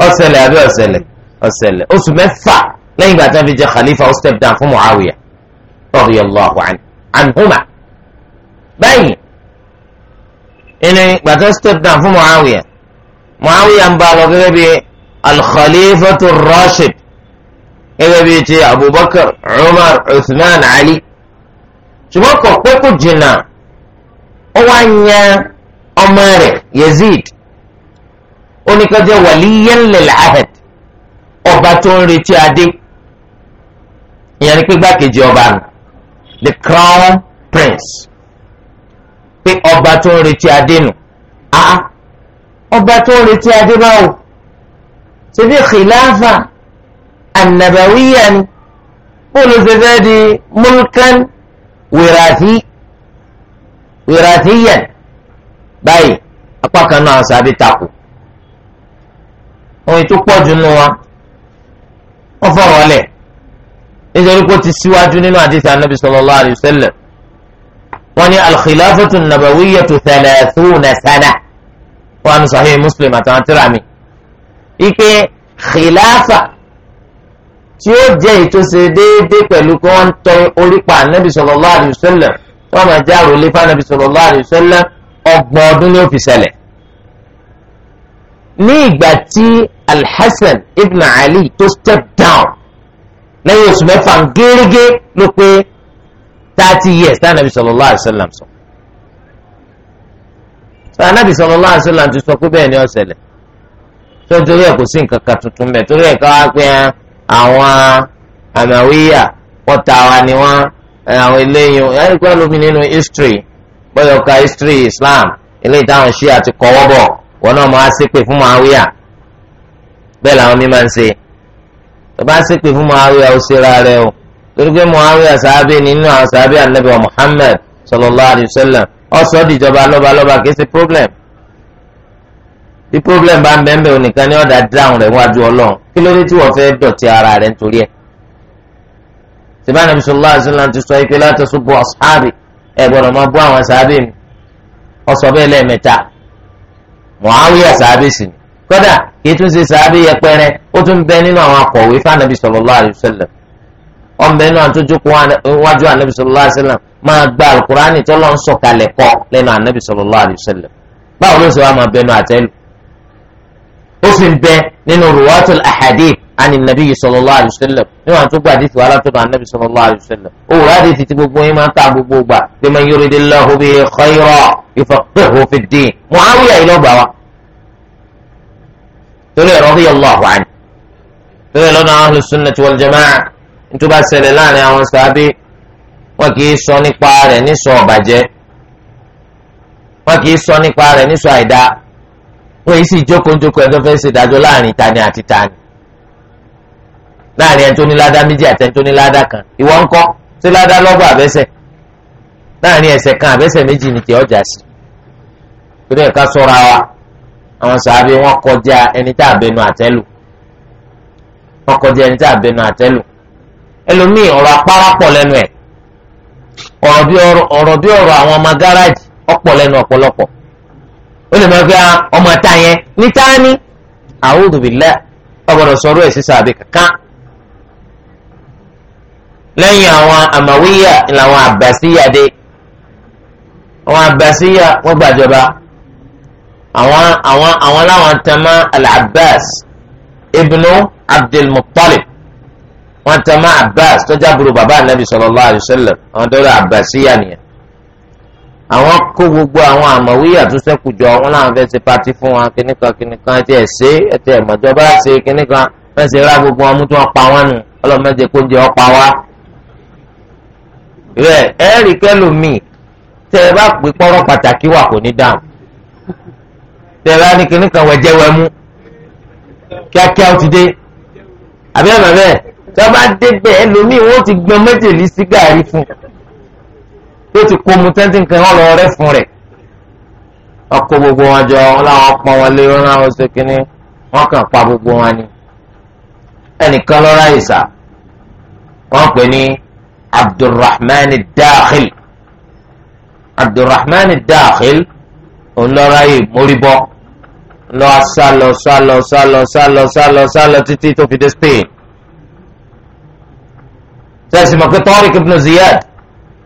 ó ṣẹlẹ̀ àbí ó oṣù mẹ́fà lẹ́yìn ìgbà fi jẹ khalifa ó step down fún muawiya radiyallahu anhu anhuma báyìí ẹni gbàtọ́ step down fún muawiya muawiya ń bá lọ gẹ́gẹ́ bí alkhalifatu rashid gẹ́gẹ́ bí ti abubakar umar uthman ali ṣùgbọ́n kò pé kò jìnnà ó wá yan ọmọ rẹ̀ yazid ó ní ká waliyan lil ahad ọba tó ń retí adé ìyẹn ni pé gbàkejì ọba nù the crown prince pé ọba tó ń retí adé nù ah ọba tó ń retí adé báwo ṣebí khilafa annabawiya ni olùsèfẹ́ di mulkan wìràtí wìràtíyàn báyìí apá kan náà sábẹ́ takò ohun tó pọ̀ nù wa wọ́n fọ̀rọ̀ lẹ̀ nítorí pé ó ti síwájú nínú àdìsí anabi sallallahu alayhi wa sallam wọ́n ní alkhilafatu nabawiyatu thalathuna sana wọ́n ní sahih muslim àtàwọn tíra mi ike khilafa tí ó jẹ́ ìtòsí déédéé pẹ̀lú kí wọ́n tọ́ orípa anabi sallallahu alayhi wa sallam wọ́n máa já àròlé fún anabi sallallahu alayhi wa ọdún ni ó fi ṣẹlẹ̀ ní ìgbà tí alhassan ibn ali tó step down lẹ́yìn oṣù mẹ́fà gérégé ló pé thirty years tá ànábì sallallahu alaihi wasallam sọ tá ànábì sallallahu alaihi wasallam ti sọ pé bẹ́ẹ̀ ni ó ṣẹlẹ̀ tó torí ẹ̀ kò sí nǹkan kan tuntun mẹ́ torí ẹ̀ ká wá pé àwọn àmàwíyà wọ́n wa ni wọ́n àwọn eléyìn ẹ̀rí pé lómi nínú history bọ́yọ̀ ka history Islam eléyìí táwọn ṣí àti kọ́wọ́ bọ̀ wọn náà máa ṣépè fún Muawiya bẹ́ẹ̀ làwọn mi ń ṣe tó bá ń ṣépè fún Muawiya ó ṣera rẹ̀ o torí pé Muawiya sàábì nínú àwọn sàábì ànábì wa Muhammad sallallahu alayhi wa sallam ọ̀sọ́ dìjọba lọ́balọ́ba kì í ṣe problem bí problem bá ń bẹ́ẹ̀ bẹ́ẹ̀ onìkan ní ọ̀dà dáhùn rẹ̀ wájú ọlọ́run kí ló dé tí wọ́n fẹ́ dọ̀tí ara rẹ̀ nítorí ẹ̀ sibana bisalòlá asilan ti sọ ife láti ṣubú ọ̀sáàbì ẹ gbọ́dọ̀ máa bú àwọn sàábì mi ọ̀sọ̀ bẹ́ẹ̀ lẹ́ẹ̀mẹ́ta Muawiya sàábì sì ni kódà kì í tún ṣe sàábì yẹpẹrẹ ó tún bẹ nínú àwọn akọ̀wé fànàbí sallallahu alaihi wasallam ọmọbẹ nínú àwọn tó jókòó wájú ànàbí sallallahu alaihi wasallam máa gba alukurani tó lọ ń sọ̀kalẹ̀ kọ́ lẹ́nu ànàbí sallallahu alaihi wasallam báwo ló ṣe wá máa bẹnu àtẹ́lù ó sì ń bẹ nínú ruwatul ahadith ani nabi sallallahu alayhi wa sallam níwọ̀n tó gba àdìsí wàhálà tó dùn anabi sallallahu alayhi wa sallam ó wùrọ̀ àdìsí ti gbogbo yín máa
torí ẹ̀rọ bí Allahu anhu
torí ẹ̀ lọ́nà ahlu sunnati wal jamaa nítorí bá ṣẹlẹ̀ láàrin àwọn sábẹ́ wọn kì í sọ nípa rẹ̀ nísọ ọ̀bàjẹ́ wọn kì í sọ nípa rẹ̀ nísọ àìdá wọn yìí sì jókòó-jókòó ẹjọ́ fẹ́ ṣe ìdájọ́ láàrin tani àti tani láàrin ẹni tó méjì àti ẹni tó kan ìwọ ń sí ládá lọ́gbọ̀ àbẹ́sẹ̀ láàrin ẹsẹ̀ kan àbẹ́sẹ̀ méjì ni kì í ọjà sí torí ẹ̀ka sọ́ra wa. àwọn sàábé wọn kọjá ẹni tá àbẹnu àtẹlù wọn kọjá ẹni tá àbẹnu àtẹlù ẹlòmíì ọ̀rọ̀ apára pọ̀ lẹ́nu ẹ̀ ọ̀rọ̀ ọrọ ọ̀rọ̀ bí ọ̀rọ̀ àwọn ọmọ gáràjì ó lè máa fi ọmọ yẹn níta ni sí kankan àwọn àmàwíyà dé àwọn àwọn àwọn àwọn láwọn tẹmọ al-abbas ibnu abdulmuttalib wọn tẹmọ abbas tó jábúrò bàbá anabi sallallahu alayhi wa sallam àwọn tó lọ abbasiya nìyẹn àwọn kó gbogbo àwọn àmọ̀wíyà tó ṣẹ́kù jọ wọn làwọn fẹ́ ṣe pati fún wọn kíníkan kíníkan ẹ ti ẹ̀ ṣe ẹ ti ẹ̀ mọ̀jọba ṣe kíníkan fẹ́ ṣe rá gbogbo wọn mú tí wọ́n pa wọn nù ọlọ́mọdé kó ń jẹ ọ́ pa wá. rẹ ẹ rí kẹlòmíì tẹ ẹ bá pè pọ́rọ́ pàtàkì wà kò ní dáhùn tẹ̀lá ní kíní kan wẹ̀jẹ̀ wẹ̀ mú kíákíá ó ti dé àbí ẹ̀mọ̀ bẹ́ẹ̀ tí wọ́n bá débẹ̀ ẹlòmíì wọ́n ti gbọ́n méjèèlì sí gàrí fún tó ti kó mu tẹ́ntì nǹkan wọn lọ rẹ́ fún rẹ̀ ọkọ̀ gbogbo wọn jọ wọn làwọn pọn wọn lé wọn láwọn ṣe kíní wọn kàn pa gbogbo wọn ni ẹnìkan lọ́ra ìsà wọ́n pè ní Abdulrahman Dakhil Abdulrahman Dakhil òun lọ́ra yìí lọ sálọ sálọ sálọ sálọ sálọ sálọ títí tó fi dé Spain sẹ́sì mọ̀ pé Tariq ibn Ziyad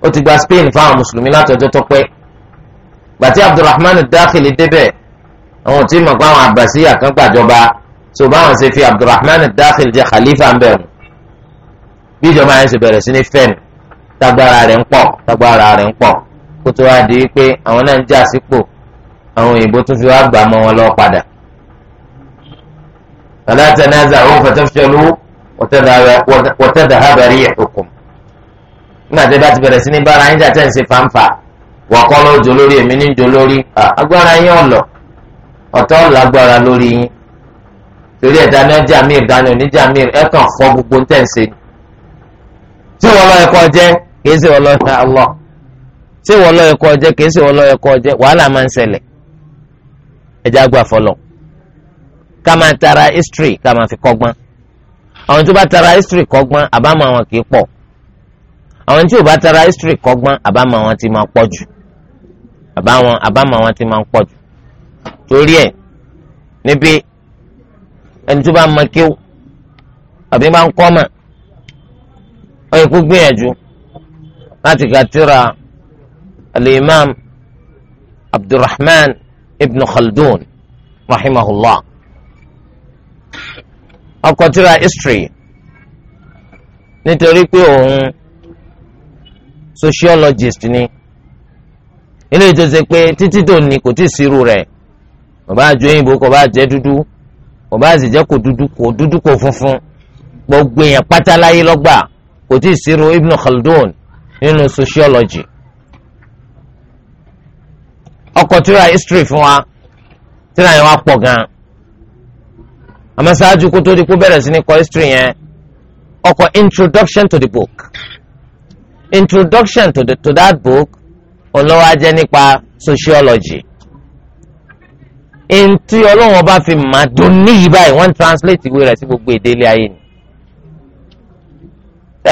ó ti gba Spain fáwọn mùsùlùmí látọjọ́ tó pẹ́ gbàtí Abdulrahman Dakhili débẹ̀ àwọn tí mọ̀ pé àwọn Abbasiya kan gbàjọba tó báwọn ṣe fi Abdulrahman Dakhili jẹ khalifa ń bẹ̀rù bí ìjọba yẹn ṣe bẹ̀rẹ̀ sí ní fẹ́ẹ̀nù tagbára rẹ̀ ń pọ̀ tagbára rẹ̀ ń pọ̀ kó tó di wípé àwọn náà ń jà sípò àwọn òyìnbó tún fi wá gbà mọ́ wọn lọ padà. فلا تنازعوا فتفشلوا وتذهب bá ti bẹ̀rẹ̀ sí ní bára jàtẹ̀ ń wọ̀kọ́ jò lórí èmi ní jò lórí agbára yín
ọ̀lọ̀ lórí
yín torí ẹ̀ ẹ̀ kàn fọ́ gbogbo ń tí wọ́n lọ ẹ̀kọ́ jẹ́ wọ́n ẹja gba fọlọ ká máa tara history ká máa fi kọ́gbọ́n àwọn tó bá tara history kọ́gbọ́n àbámọ̀ àwọn kì í pọ̀ àwọn tí ò bá tara history kọ́gbọ́n àbámọ̀ àwọn ti máa pọ̀ jù àbáwọn àbámọ̀ àwọn ti máa pọ̀ jù torí ẹ̀ níbi ẹni tó bá mọ kíw àbí máa ń kọ́ mà ó yẹ kó gbìyànjú láti kà tírà abdulrahman ibn khaldun rahimahullah ọkọ tírà history nítorí pé òun sociologist ni ilé ìjọsẹ pé títí tó ní kò tí ì sírú rẹ̀ kò bá jẹ́ òyìnbó kò bá jẹ́ dúdú kò bá sì jẹ́ kò dúdú kò dúdú kò funfun gbogbo èèyàn pátá láyé lọ́gbà kò tí ì sírú Ibn Khaldun nínú sociology ọkọ tíra history fún wa tíra yẹn wá pọ̀ gan àmọ́ ṣáájú kó tó di kó bẹ̀rẹ̀ sí ní kọ history yẹn ọkọ introduction to the book introduction to, the, to that book olówó ajẹ́ nípa sociology ntí ọlọ́run ọba fi máa dùn ní báyìí wọ́n ń translate ìwé rẹ̀ sí gbogbo èdè ilé ayé ni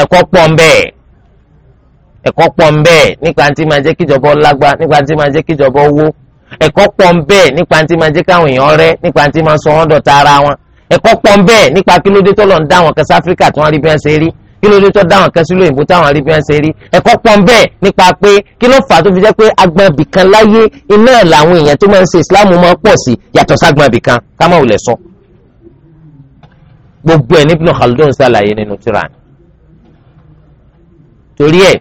ẹ̀kọ́ pọ̀ ń bẹ́ẹ̀ ẹ̀kọ́ pọ̀ ń bẹ́ẹ̀ nípa tí máa jẹ́ kíjọba lágbá nípa tí máa jẹ́ kíjọba wó ẹ̀kọ́ pọ̀ ń bẹ́ẹ̀ nípa tí máa jẹ́ káwọn èèyàn rẹ́ nípa tí máa sọ wọ́n dọ̀tá ara wọn ẹ̀kọ́ pọ̀ ń bẹ́ẹ̀ nípa kí ló dé tó lọ ń dá àwọn kan sí áfíríkà tí wọ́n rí bẹ́ẹ̀ ṣe rí kí ló dé tó dá àwọn kan sí lóyìnbó táwọn rí bẹ́ẹ̀ ṣe rí ẹ̀kọ́ pọ̀ ń nípa pé kí ló fà tó fi jẹ́ pé agbọ̀nbì kan láyé iná ẹ̀ làwọn èèyàn tó máa ń ṣe ìsìláàmù máa ń sí yàtọ̀ torí ẹ̀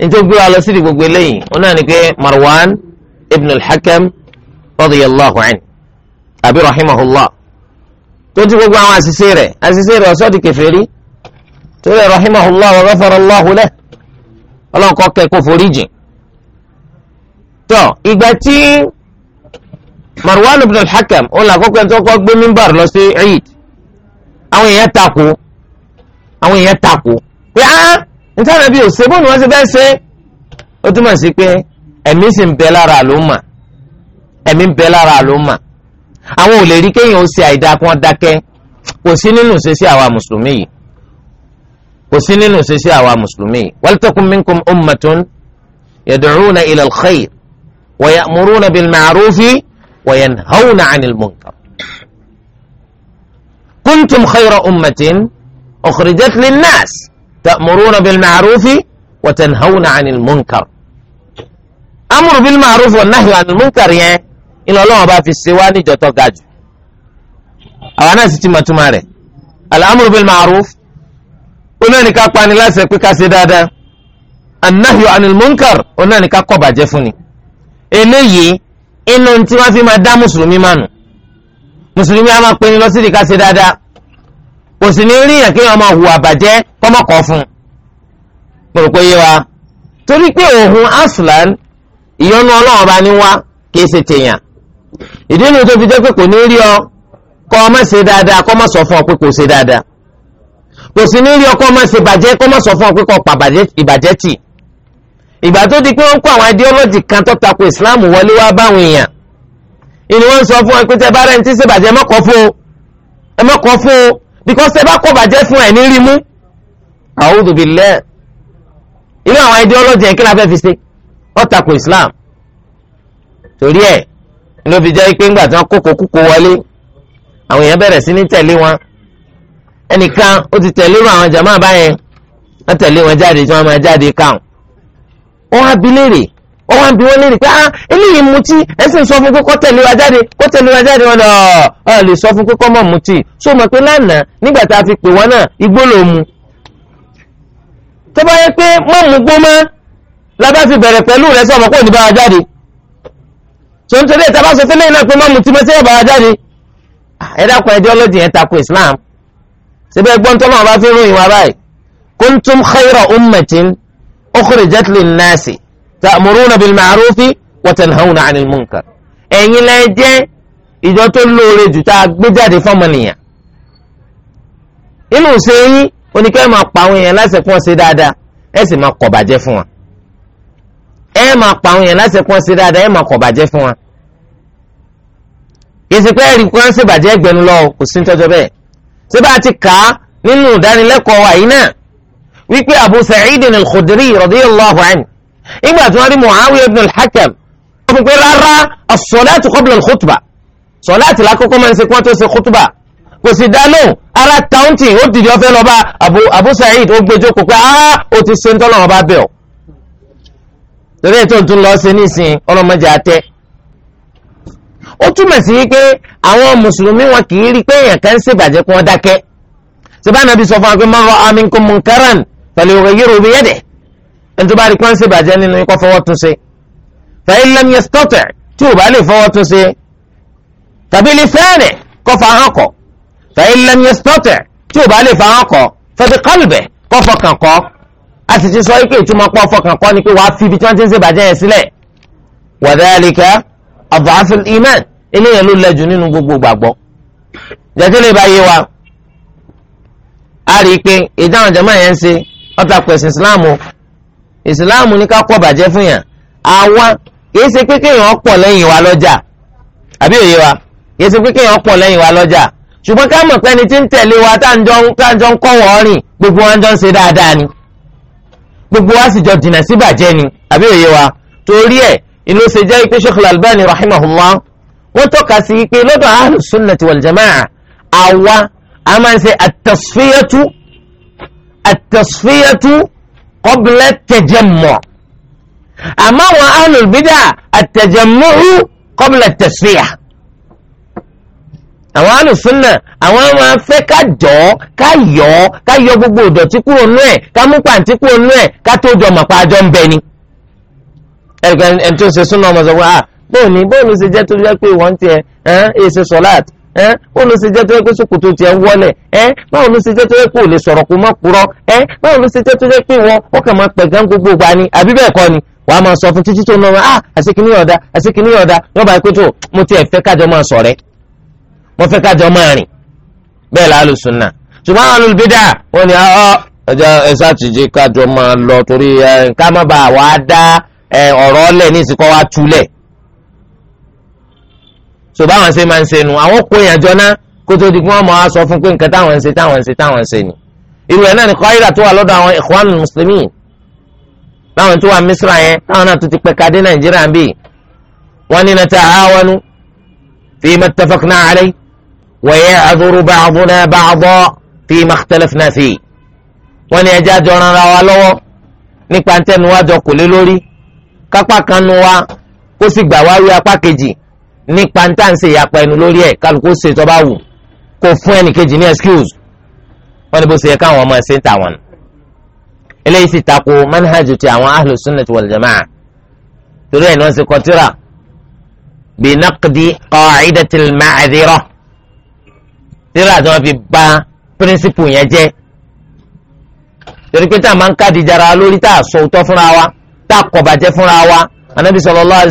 nítorí gbé wa lọ sí gbogbo eléyìí wọn náà ni pé Marwan ibn al-Hakam radiyallahu anhu àbí rahimahullah tó ti gbogbo àwọn àṣìṣe rẹ̀ àṣìṣe rẹ̀ ọ̀sọ́ di kèfèrí tó rẹ̀ rahimahullah wa ghafarallahu lahu ọlọ́nkọ́ kẹ́kọ̀ọ́ foríjì tó ìgbà tí Marwan ibn al-Hakam òun làkọ́kọ́ tó kọ́ gbé mímbàr lọ sí Eid àwọn èèyàn takò àwọn èèyàn takò pé á. nta na bi o se bọnu wọ́n se bẹ́ẹ̀ ṣe ó túmọ̀ sí pé ẹ̀mí sì ń bẹ lára lo ma ẹ̀mí ń bẹ lára lo ma àwọn ò lè rí kéèyàn ó ṣe àìdá kí dákẹ́ kò sí nínú ṣe sí àwa mùsùlùmí yìí kò sí nínú ṣe sí àwa mùsùlùmí yìí waltakum minkum ummatun yad'una ila al-khayr wa ya'muruna bil-ma'rufi wa yanhawna 'anil munkar kuntum khayra ummatin ukhrijat lin-nas. ta'muruna bil ma'rufi wa tanhawna 'anil munkar amúrú bil ma'rufi wa nahyu 'anil munkar yẹn ìlọ Ọlọ́run bá fi ṣe wá níjọ tó ga jù àwa náà sì ti mọ̀ túmọ̀ rẹ̀ al-amru bil ma'ruf onáni ká pani láṣẹ pé ká ṣe dáadáa an-nahyu 'anil munkar onáni ká kọ̀ bàjẹ́ fún ni eléyìí inú tí wọ́n fi máa dá mùsùlùmí mánu mùsùlùmí á máa pinnu lọ sí ìdíkà ṣe dáadáa kò sì ní rí yàn kéèyàn máa hùwà bàjẹ́ kọ́mọ́kọ́ fún un mo yé wa torí pé òhun aslan ìyọnu ọlọ́run bá ní wá kì í ṣe tèèyàn ìdí inú tó fi jẹ́ pé kò ní rí ọ kọ́ ọ má ṣe dáadáa kọ́ má sọ fún ọ pé kò ṣe dáadáa kò sì ní rí ọ kọ́ ọ ṣe bàjẹ́ kọ́ má sọ fún ọ pé kọ́ pa ìbàjẹ́ tì ìgbà tó di pé wọ́n kó àwọn ideology kan tó tako Islam wọlé wá báwọn èèyàn ìní wọ́n sọ fún ọ pé tẹ bá rẹ̀ ń tí ṣe bàjẹ́ ẹ mọ́kọ́ fún ẹ mọ́kọ́ fún o because tẹ bá kó bàjẹ́ fún ẹ̀ ní rí mú a'udhu billah inú àwọn ideology yẹn kí la fẹ́ fi ṣe ó Islam torí ẹ̀ ló fi jẹ́ pé ńgbà tí wọ́n kókó kúkó wọlé àwọn èèyàn bẹ̀rẹ̀ sí ní tẹ̀lé wọn ẹnìkan ó ti tẹ̀lé irú àwọn jàmáà báyẹn wọ́n tẹ̀lé wọn jáde tí wọ́n máa jáde káwọn. wọ́n á bi léèrè ó wá ń bi wọ́n léèrè pé ah eléyìí mutí ẹ sì ń sọ fún pé kó tẹ̀lé wa jáde kó tẹ̀lé wa jáde wọn lọ ọ lè sọ fún pé kó mọ̀ mutí so mọ̀ pé lánàá nígbà tá a fi pè wọ́n náà igbó ló mu tó bá yẹ pé mọ̀ mú gbó mọ́ la bá fi bẹ̀rẹ̀ pẹ̀lú rẹ sọ̀rọ̀ kó ní bá wa jáde tó ń torí ìta bá sọ fẹ́lẹ́ náà pé mọ̀ mutí mọ́ sẹ́yìn bá wa jáde ah, ẹ dákun ẹjọ́ lódì yẹn tako Islam síbẹ̀ gbọ́n tó náà bá fi ròyìn wa báyìí ta'muruna bil ma'rufi wa tanhawna 'anil munkar ẹ̀yin lẹ jẹ́ ìjọ tó lóore jù tá a gbé jáde fọ́mọnìyàn inú ṣe yín oníkẹ́ máa pa àwọn èèyàn láṣẹ fún ọ̀ṣẹ́ dáadáa ẹ sì máa kọ̀bàjẹ́ fún wa ẹ máa pa àwọn èèyàn láṣẹ fún ọ̀ṣẹ́ dáadáa ẹ máa kọ̀bàjẹ́ fún wa ìsìnkú ẹ̀rí kan ṣèbàjẹ́ ẹgbẹ̀nu lọ kò sí tọ́jọ́ bẹ́ẹ̀ ṣé bá a ti kà á nínú ìdánilẹ́kọ̀ọ́ àyínà wípé Abu Sa'id al-Khudri radiyallahu anhu nígbà tí wọ́n rí Muawiya ibn al-Hakam wọ́n fi pé rárá as-salatu qabla al-khutba sọ̀láàtì lákòókò máa ń ṣe kí wọ́n tó ṣe khutba kò sì dá lóhùn ara táwùntì ó dìde ọ̀fẹ́ lọ́ba Abu Sa'id ó gbẹjọ́ kó pé ah ó ti ṣe ń tọ́lọ́ ọba bẹ́ẹ̀ o torí ètò ìtún lọ sí nísìn ọlọmọdé àtẹ ó túmọ̀ sí pé àwọn mùsùlùmí wọn kì í rí pé èèyàn kan ṣèbàjẹ́ kí wọ́n dákẹ́ ṣùgbọ́n àbí sọ fún wa pé man ra'a minkum munkaran falyughayyirhu biyadihi ẹni tó bá rí pọ́ńsì bàjẹ́ nínú yín kó fọwọ́ tún ṣe fa in lam yastati' tí ò bá lè fọwọ́ tún ṣe tàbí lisanihi kó fa hàn kọ́ fa in lam yastati' tí ò bá lè fa hàn kọ́ fa bi qalbihi kó fọkàn kọ́ a sì ti sọ ike ìtumọ̀ pọ̀ fọkàn kọ́ ni pé wàá fi ibi tí wọ́n ti ń ṣe bàjẹ́ yẹn sílẹ̀ wa iman eléyẹn ló lẹ́jù nínú gbogbo gbàgbọ́ jẹ́tẹ́lẹ̀ bá yé wa a rí i pé ìdáhùn jẹ́mọ́ yẹn ń ṣe ọ̀tà pẹ̀sìn Islam o ìsìláàmù ní ká kọ́ bàjẹ́ fún yàn àwa kìí ṣe pé kéèyàn pọ̀ lẹ́yìn wa lọ́jà àbí òye wa kìí ṣe pé kéèyàn pọ̀ lẹ́yìn wa lọ́jà ṣùgbọ́n ká mọ̀ pé ẹni tí ń tẹ̀lé wa táǹjọ́ ń kọ́ wọ́n rìn gbogbo wa ń jọ ń ṣe dáadáa ni gbogbo wa sì jọ dìnà sí bàjẹ́ ni àbí òye wa torí ẹ̀ ìlú ṣe jẹ́ pé Sheikh Al-Albani rahimahullah wọ́n tọ́ka sí pé lọ́dọ̀ ahlus sunnati قبل التجمع. أما àwọn alùbídà التجمع قبل tẹ̀síyà àwọn alùsùnà àwọn ọmọ afẹ́ ká jọ ká yọ ká yọ gbogbo ìdọ̀tí kúrò nú ẹ̀ ká mú pàǹtí kúrò nú ẹ̀ ká tó jọ mọ̀pá àjọ ń bẹ ni. ẹnì tó ṣe súnà ọmọ sọ pé ah bóòní bóòní ṣe jẹ́ tó jẹ́ pé wọ́n ti ẹ̀ ẹ́ ṣe sọ́láàtì ẹ báwo ló ṣe jẹ́ tó yẹ pé sòkòtò tiẹ̀ ń wọlẹ̀ ẹ báwo ló ṣe jẹ́ tó yẹ pé ò lè sọ̀rọ̀ kó má tó yẹ wọn ó gbogbo gba ni àbí bẹ́ẹ̀ ni wà á máa sọ fún títí tó ń lọ́wọ́ ah ọ̀dà bá tó mo tiẹ̀ fẹ́ kájọ máa mo fẹ́ kájọ máa rìn bẹ́ẹ̀ la lù sùn náà ṣùgbọ́n àwọn olùbídà wọn ni so báwọn ṣe máa ń ṣe nu àwọn kó yàn jọ náà kó tó di kí wọ́n máa sọ fún pé nǹkan táwọn ń ṣe táwọn ń ṣe táwọn ń ṣe ni irú ẹ̀ náà ni kọ́ìrà tó wà lọ́dọ̀ àwọn Ikhwanul Muslimin báwọn tó wà Misra yẹn táwọn náà tó ti pẹ̀ka dé Nàìjíríà ń bì wọ́n ní nata'awanu fima ittafaqna alayhi wa ya'dhuru ba'duna ba'dan fima ikhtalafna fihi wọ́n ní ẹja jọ ran ara wa lọ́wọ́ nípa ntẹ́nuwájọ kò lé lórí kápá nu wa kó sì gbà wá wí apá kejì nípa ní tàǹsì ìyapa ẹnu lórí ẹ̀ kálukú ṣe tó bá wù kó fún ẹnìkejì ní excuse wọ́n ní bó ṣe yẹ káwọn ọmọ ẹ̀sìn tà wọn. eléyìí sì tako manhaj ti àwọn ahlu sunnati wal jamaa torí ẹ̀ ní ṣe kọtíra bí naqdi qa'idatil ma'dhira tíra tí wọ́n fi ba píríncípù yẹn jẹ́ torí pé tá a máa ń kádìjára lórí tá a sọ òótọ́ fúnra wa tá a kọ̀ bàjẹ́ fúnra wa anabi sallallahu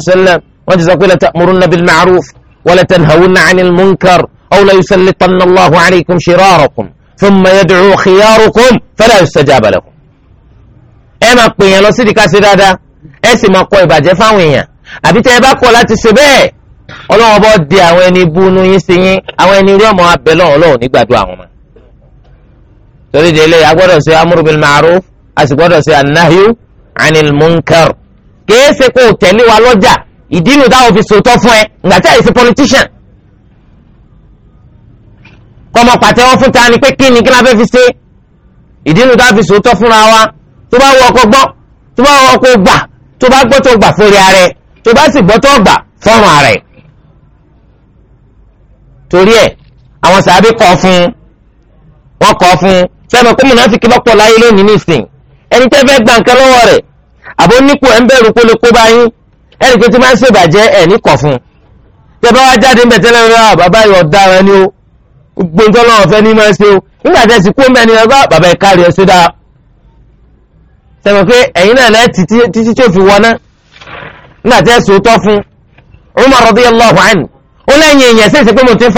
wọ́n ti sọ pé latamurunna bil ma'ruf wala tanhawunna 'anil munkar aw la yusallitanna Allahu 'alaykum shirarakum thumma yad'u khiyarukum fala yustajaba lakum. ẹ máa pè yẹn lọ sídìí ká ṣe dáadáa ẹ sì máa kọ ìbàjẹ́ fáwọn èèyàn àbí tẹ́ ẹ bá kọ̀ láti ṣe bẹ́ẹ̀ ọlọ́wọ́n bọ́ di àwọn ẹni búnú yín sí yín àwọn ẹni rí ọmọ abẹ lọ́wọ́ lọ́wọ́ nígbàdúrà ìdí nu táwọn fi sòótọ́ fún ẹ ìgbà tí àìsí politician kọmọ pàtẹ́wọ́ fún ta ni pé kí ni kí la fẹ́ fi ṣe ìdí nu táwọn fi sòótọ́ fúnra wa tó bá wọ ọkọ gbọ́ tó bá wọ ọkọ gbà tó bá gbọ́ tó gbà fórí ara ẹ tó bá sì gbọ́ tó gbà fọ́rùn ara ẹ torí ẹ àwọn sàbí kọ fún wọn kọ fún sẹ́nu kó mùnàfíkì lọ́pọ̀ láyé lónìí nísìn ẹni tẹ́ fẹ́ gba nǹkan lọ́wọ́ rẹ̀ àbó nípò ẹ̀ ń bẹ̀rù kó lè ẹnì pé tí máa ń ṣèbàjẹ́ ẹ̀ kọ̀ fún un tẹ́bá wá jáde ń bẹ̀ tẹ́lẹ̀ rẹ̀ ah, bàbá ni ó gbóńtọ́ lọ́wọ́ fẹ́ ní máa ń ṣe nígbà bàbá kárí ẹ pé náà lẹ́ títí fi wọná nígbà tẹ́ tọ́ fún ó lẹ́yìn èèyàn pé mo ti ń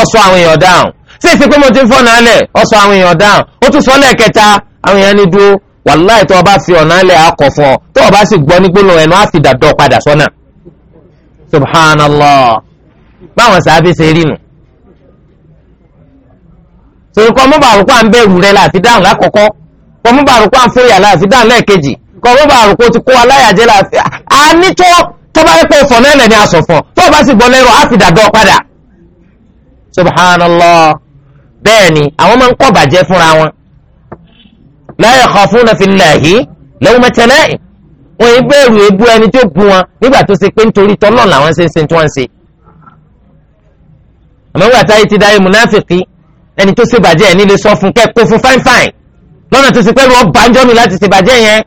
àwọn èèyàn dáhùn pé mo wàláì tó ọba fi ọ̀nà ilẹ̀ akọ̀ fún ọ tó ọba sì gbọ́ ẹnu á fi dàdọ́ padà sọ́nà báwọn ṣe rí nù. kọ́ mọ́bà àrùkọ́ à ń bẹ̀rù rẹ láti dáhùn lákọ̀ọ́kọ́ kọ́ mọ́bà àrùkọ́ à ń láti dáhùn lẹ́ẹ̀kejì kọ́ mọ́bà àrùkọ́ ti kó aláyàjẹ́ láti. a tó bá pé sọ fún ọ tó sì gbọ́ la yakhafuna fillahi lawmata la'im wọn yìí bẹ̀rù ebu ẹni tó bu wọn nígbà tó ṣe pé nítorí tọ́lọ́ làwọn ṣe ń ṣe tí wọ́n ń ṣe. àmọ́ wíwà táyé ti dáyé munafiki ẹni tó ṣe bàjẹ́ ẹ̀ nílé sọ fún kẹ́kọ̀ọ́ fún fáìfáì lọ́nà tó ṣe pẹ́lú ọba ń jọ́nu láti ṣe bàjẹ́ yẹn.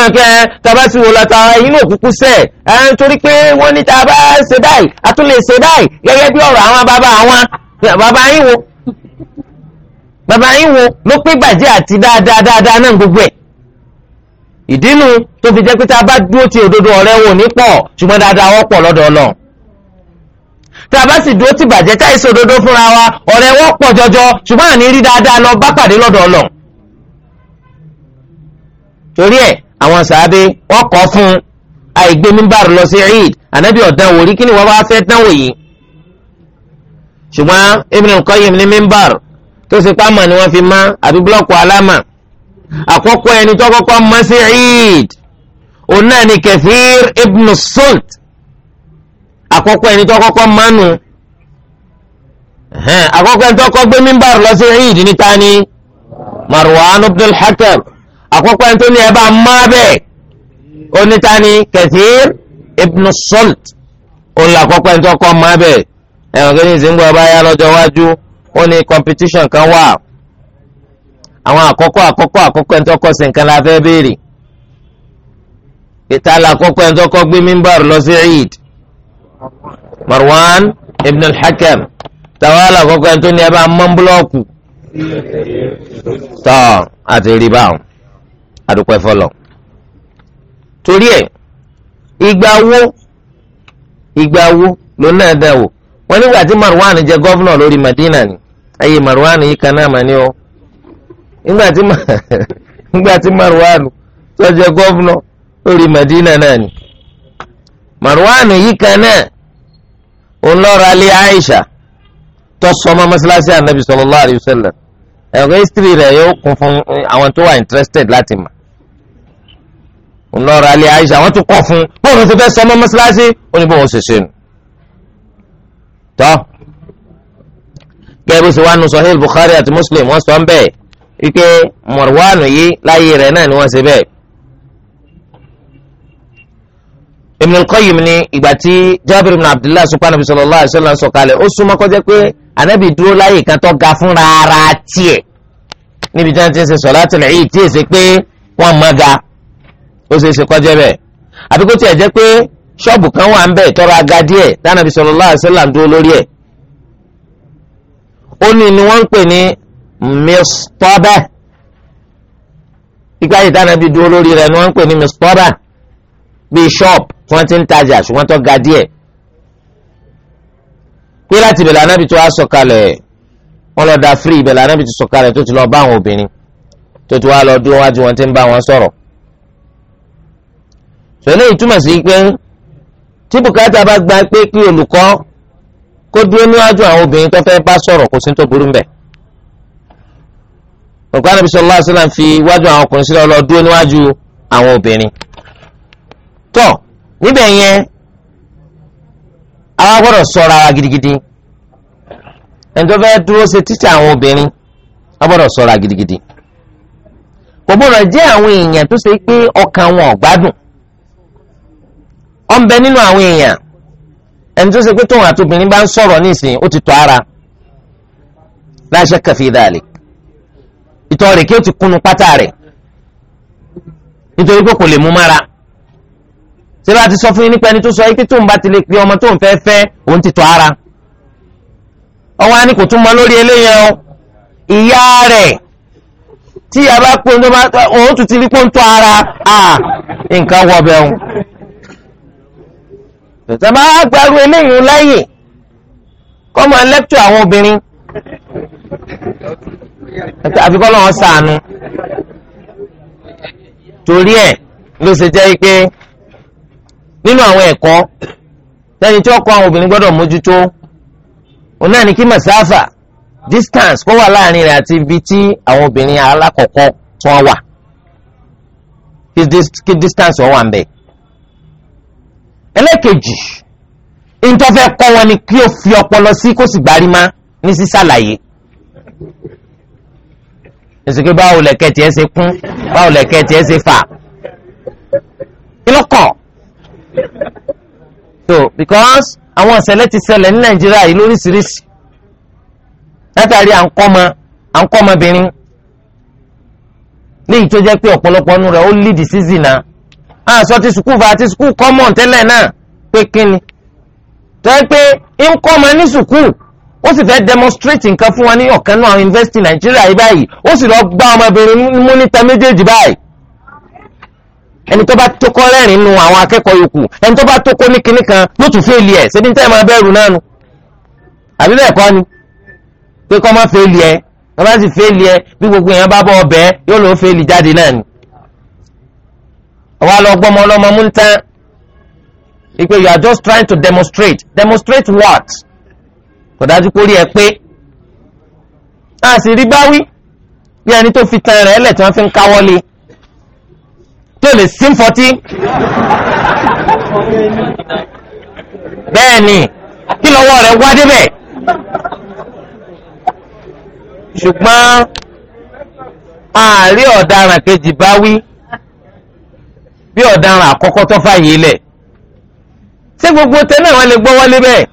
ẹ kẹ́ tàbá ti wò lọ́ta inú òkúkú sẹ̀ ẹ torí pé wọ́n ní tàbá ṣe báyìí a ṣe báyìí gẹ́gẹ́ bí ọ̀rọ̀ àwọn bàbá àwọn bàbá yín wo bàbá yín wo ló pé bàjẹ́ àti dáadáa dáadáa náà gbogbo ẹ̀ ìdínú tó fi jẹ́ pé tá a bá dúró ti òdodo ọ̀rẹ́ wò ní pọ̀ ṣùgbọ́n dáadáa wọ́pọ̀ lọ́dọ̀ ọlọ́run tá a bá sì dúró ti bàjẹ́ tá ìṣe òdodo fúnra wa ọ̀rẹ́ wọ́pọ̀ jọjọ ṣùgbọ́n àní rí dáadáa lọ bá pàdé lọ́dọ̀ ọlọ́run torí ẹ̀ àwọn sàábé wọ́n kọ́ fún àìgbé lọ sí eid ànábì ọ̀dàn wò rí kí ni wọ́n bá fẹ́ dánwò yìí ṣùgbọ́n Ibn al-Qayyim ní mímbàrú tó ṣe pámà ni wọ́n fi má àbí búlọ́ọ̀kù alámà àkọ́kọ́ ẹni tó kọ́kọ́ mọ́ sí Eid òun náà ni Kathir ibn Sult àkọ́kọ́ ẹni tó kọ́kọ́ mánu àkọ́kọ́ ẹni tó kọ́ gbé mímbà lọ sí Eid níta ni Marwan ibn al àkọ́kọ́ ẹni tó ní ẹ bá má bẹ́ẹ̀ oníta ni Kathir ibn Sult òun làkọ́kọ́ ẹni tó kọ́ má bẹ́ẹ̀ ẹ̀wọ̀n kí ni ìsìnkú ẹ bá lọ́jọ́ wájú ó ní competition kan wà àwọn àkọ́kọ́ àkọ́kọ́ àkọ́kọ́ ẹni tó kọ́ sí nǹkan la fẹ́ béèrè ìta la àkọ́kọ́ ẹni tó kọ́ gbé mímbàrú lọ sí eid Marwan ibn al-Hakam tàwa la àkọ́kọ́ ẹni tó ní ẹ bá mọ́ búlọ́ọ̀kù tọ́ àti rí báwọn àdúpẹ́ fọlọ́ torí ẹ̀ ìgbà wo ìgbà wo ló náà wò wọ́n nígbà tí Marwan jẹ gọ́vnọ̀ lórí Madina ni ayé Marwan yìí kan náà mà ní o nígbà tí Marwan tó jẹ gọ́vnọ̀ lórí Madina náà ni Marwan yìí kan náà òun lé Aisha tó sọmọ mọ́sálásí anabi sallallahu alayhi wa sallam ẹ̀rọ history rẹ̀ yóò kún fún àwọn tó wà interested láti mọ̀ òun lé Aisha wọ́n tún kọ̀ fún bóun ti fẹ́ sọmọ mọ́sálásí ó ní bóun ṣe ṣe nù tọ́ gẹ́gẹ́ bó ṣe wá nu sahih bukhari àti muslim wọ́n sọ ń bẹ́ẹ̀ wípé mọ̀rọ̀wánù yìí láyé rẹ̀ náà ni wọ́n ṣe bẹ́ẹ̀. Ibn al-Qayyim ni ìgbà tí Jabir ibn Abdullah sùpá nàbì sallallahu alaihi wasallam sọ̀kalẹ̀ ó súnmọ́ kọjá pé anábì dúró láyé kan tó ga fún rárá tiẹ̀ níbi tí ti ń ṣe salatul Eid tí èsè pé wọ́n mọ́ ga ó ṣe é ṣe kọjá bẹ́ẹ̀ àbíkó tiẹ̀ jẹ́ pé ṣọ́ọ̀bù kan wà ń bẹ̀ tọrọ aga díẹ̀ tánàbí sallallahu alaihi wasallam dúró lórí ẹ̀ ó ní ni wọ́n ń pè ní mistọ́bà ìgbà yìí tánàbí dúró lórí rẹ̀ ni wọ́n ń pè ní mistọ́bà bíi ṣọ́ọ̀bù tí wọ́n ti ń tajà ṣùgbọ́n tó ga díẹ̀ pé láti ìbẹ̀lẹ̀ anábì tó wá sọ̀kalẹ̀ wọ́n lọ da firi ìbẹ̀lẹ̀ anábì tó sọ̀kalẹ̀ tó ti lọ bá àwọn obìnrin tó ti wá lọ dúró wájú wọn ti ń bá wọn sọ̀rọ̀ sọ̀rọ̀ yìí túmọ̀ sí pé tí bùkátà bá gba pé kí olùkọ́ kó dúró níwájú àwọn obìnrin tó fẹ́ bá sọ̀rọ̀ kò sí tó burú mbẹ̀. òkú àdàbí sọlá sílá fi iwájú àwọn ọkùnrin sílẹ̀ lọ dúró níwájú àwọn obìnrin. tọ́ níbẹ̀ yẹn àwa gbọ́dọ̀ ṣọ́ra wa gidigidi ẹni tó fẹ́ dúró ṣe tíṣà àwọn obìnrin a gbọ́dọ̀ ṣọ́ra gidigidi. kò gbọ́dọ̀ jẹ́ àwọn èèyàn tó ṣe pé ọkàn wọn ò ọ̀nbẹ nínú àwọn èèyàn ẹni tó ṣe pé tóun àti obìnrin bá ń sọ̀rọ̀ nísìn ó ti tọ́ ara la shakka fi dhalik ìtọ́ rẹ̀ kí ó ti kunu pátá rẹ̀ nítorí pé kò lè mú mára ṣé bá ti sọ fún yín nípa ẹni tó sọ pé tóun bá ti lè pe ọmọ tóun fẹ́ fẹ́ òun ti tọ́ ara ọwọ́n á ní kò tún mọ lórí eléyẹn o ìyá rẹ̀ tí yàrá pé òun tún ti rí pé ń tọ́ ara nǹkan wọ bẹ́ẹ̀ tòtẹ́ máa gbaru eléyìí lẹ́yìn kọ́ máa lẹ́kítọ̀ àwọn obìnrin àfi kọ́ lọ́wọ́ sànù torí ẹ̀ ló ṣe jẹ́ pé nínú àwọn ẹ̀kọ́ lẹ́ni tí ó kọ́ àwọn obìnrin gbọ́dọ̀ mójútó òun náà ní kí màsáfà distance kó wà láàrin rẹ̀ àti ibi tí àwọn obìnrin alákọ̀ọ́kọ́ tún wà kí distance wọn wà ń bẹ̀ẹ́ ẹlẹ́kejì ìtọ́fẹ́ kọ́ wọn ni kí o fi ọpọlọ sí kó sì gbárí má ní sísàlàyé ìsìnkú báwo lẹ̀kẹ́ tiẹ̀ ṣe kún báwo lẹ̀kẹ́ tiẹ̀ ṣe fà kí so because àwọn ìṣẹ̀lẹ̀ ti ṣẹlẹ̀ ní nàìjíríà yìí lóríṣiríṣi látàrí à ń kọ́mọ à ń kọ́mọbìnrin léyìí tó jẹ́ pé ọ̀pọ̀lọpọ̀ ọnu rẹ̀ ó lead sí zina a ah, sọ ti sukuu va ti sukuu common tẹ́lẹ̀ náà pé kíni tọ́yẹ pé ń kọ́ ọmọ ní sukuu ó sì fẹ́ demonstrate nǹkan fún wa ní ọ̀kan náà university Nàìjíríà yìí báyìí ó sì lọ gbá ọmọbìnrin mú níta méjèèjì báyìí ẹni tó bá tókọ́ rẹ́rìn nu àwọn akẹ́kọ̀ọ́ yòókù ẹni tó bá tókọ́ ní kinní kan ló tún fèèlì ẹ̀ ṣe ní tẹ́ ẹ máa bẹ̀rù náà nu àbí bẹ́ẹ̀ kọ́ ni pé kọ́ máa fèèlì ẹ̀ kọ́ máa sì fèèlì ẹ̀ bí gbogbo èèyàn bá bọ́ ọbẹ̀ yóò lọ fèèlì jáde náà ni àwa lọ gbọ́mọ ọlọ́mọ mú ń tán ipe you are just trying to demonstrate demonstrate what kò dájú kórí ẹ pé a sì rí báwí bí ẹni tó fi tan rẹ̀ ẹlẹ̀ tí wọ́n fi ń káwọ́ lé tó lè sí fọtí bẹ́ẹ̀ ni kí lọ́wọ́ rẹ̀ wá débẹ̀ ṣùgbọ́n àárí ọ̀daràn kejì báwí bí ọ̀daràn àkọ́kọ́ tó fàyè lẹ̀ ṣé gbogbo tẹ́lẹ̀ wọn lè gbọ́ wọlé bẹ́ẹ̀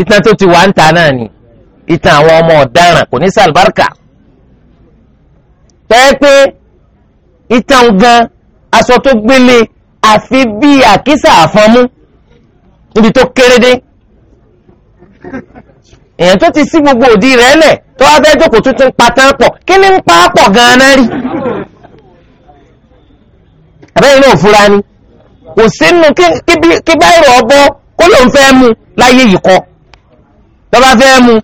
ìtàn tó ti wà ń ta náà ni ìtàn àwọn ọmọ ọ̀daràn kò ní sàlùbáríkà tẹ́ pé ìtàn gan aṣọ tó gbélé àfi bí àkísà àfọmú níbi tó kéré èèyàn tó ti sí gbogbo òdì rẹ̀ lẹ̀ tó wá fẹ́ jókòó tuntun patán pọ̀ kí ni ń pa á pọ̀ gan-an rí. àbẹ́yìn náà fura ni kò sínú kí báyìí ọbọ̀ kó ló fẹ́ mu láyé yìí kọ́ lọ́ba fẹ́ mu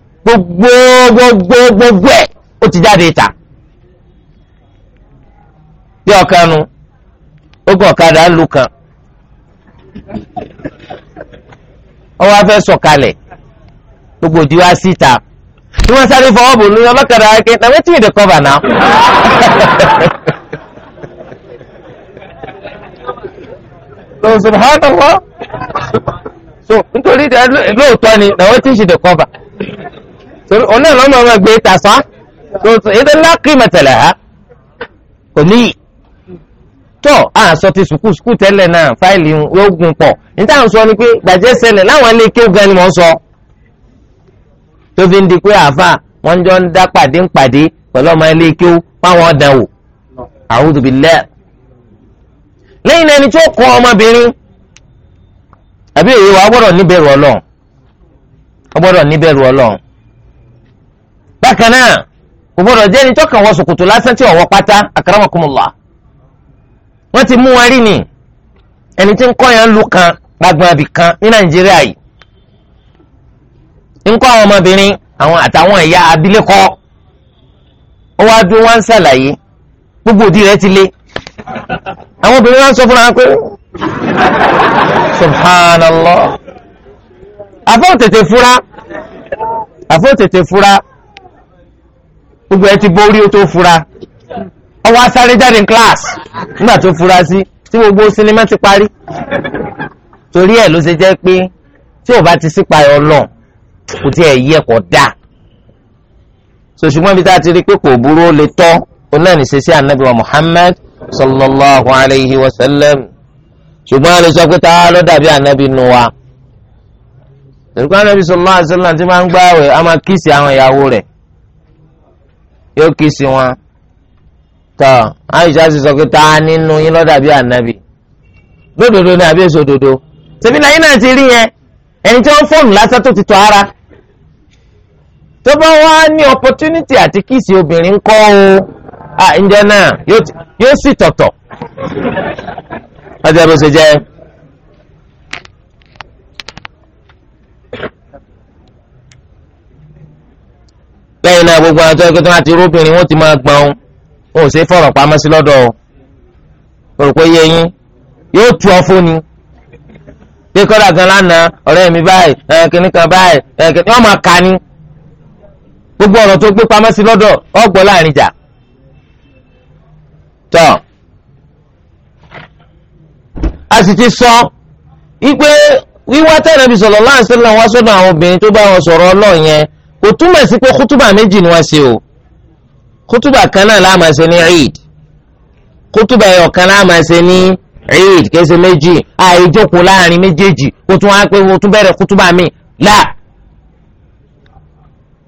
dị ẹ̀ ó ti jáde ìta bí ọ̀kanu ó gbọ́ ọ̀kadà ń lu kan ọwọ́ afẹ́ na wetin so subhanallah so nítorí lóòótọ́ ni làwọn tí ń ṣe the so òun náà so èdè ńlá kí mẹ̀tẹ̀lẹ̀ ha kò níyì tọ́ àṣọ ti sùkúù sùkúù tẹ́lẹ̀ náà fáìlì yóò pọ̀ níta à ń sọ ni pé gbàjẹ́ ṣẹlẹ̀ láwọn ilé kéwù gan ni mò ń sọ tó fi ń di pé àáfà wọ́n jọ ń dá pàdé ń pàdé pẹ̀lú ọmọ ilé kéwù wò àwùjọ lẹ́yìn ẹni tí ó kọ ọmọbìnrin àbí òye wa gbọ́dọ̀ níbẹ̀rù Ọlọ́run ó gbọ́dọ̀ níbẹ̀rù Ọlọ́run bákan náà kò gbọ́dọ̀ jẹ́ ẹni tó kàn wọ ṣòkòtò lásán tí pátá wọ́n ti mú wọn rí ni ẹni tí ń kọ́ yẹn ń lu kan kan ní Nàìjíríà yìí ń kọ́ àwọn ọmọbìnrin àwọn àtàwọn ẹ̀yà gbogbo òdì ti le àwọn obìnrin wá ń sọ fún ara pé subhanallah àfọ́ tètè fura àfọ́ tètè fura gbogbo ẹ ti borí ó tó fura ọwọ́ asáré jáde ní kíláàsì nígbà tó fura sí tí gbogbo sinimá ti parí torí ẹ̀ ló ṣe jẹ́ pé tí ò bá ti sípa ẹ̀ ọlọ́ọ̀ kò tí ẹ̀ yí ẹ̀kọ́ dáa so ṣùgbọ́n ibi tá a ti rí pé kò burú ó le tọ́ onáà ní ṣe sí anabi wa Muhammad sallallahu alayhi wa sallam ṣùgbọ́n a lè sọ pé táwa ló dàbí ànábì nù wa nǹkan ànábì sallallahu alayhi wa sallam ti máa ń gbààwẹ̀ a máa kíìsì àwọn ìyàwó rẹ̀ yóò kíìsì wọn tọ́ àyíṣà sì sọ pé táwa nínú yín ló dàbí ànábì lódodo ni àbí èso òdodo tèmi náà yín náà ti rí yẹn ẹni tí wọ́n fóònù lásán tó ti tọ́ ara tó bá wá ní opportunity àti kíìsì obìnrin kọ́ o. à ǹjẹ́ náà yóò sì tọ̀tọ̀ ọjọ́ bó ṣe jẹ́. lẹ́yìn náà gbogbo àwọn tó tó láti rúbìnrin ti máa gbọ́n wọn ṣe fọ̀rọ̀ pamọ́ sí lọ́dọ̀ o rò pé yé yín yóò tu ọ fún ni bí gan lánàá ọ̀rẹ́ mi báyìí ẹ̀ kan báyìí ẹ̀ kìnnì máa ka ni gbogbo ọ̀rọ̀ tó gbé pamọ́ sí lọ́dọ̀ ọgbọ́n láàrin jà. tọ́ a sì ti sọ wípé wíwá tẹ́lẹ̀ bí sallallahu alaihi wasallam wá sọ́dọ̀ àwọn obìnrin tó bá wọn sọ̀rọ̀ Ọlọ́run yẹn kò túmọ̀ sí pé kútùbà méjì ni wọ́n ṣe o kútùbà kan náà la máa ṣe ní Eid kútùbà ẹ̀yọ̀ kan la máa ṣe ní Eid kése méjì àìjókòó láàrin méjèèjì kó tún wá pé kó tún bẹ̀rẹ̀ kútùbà mi là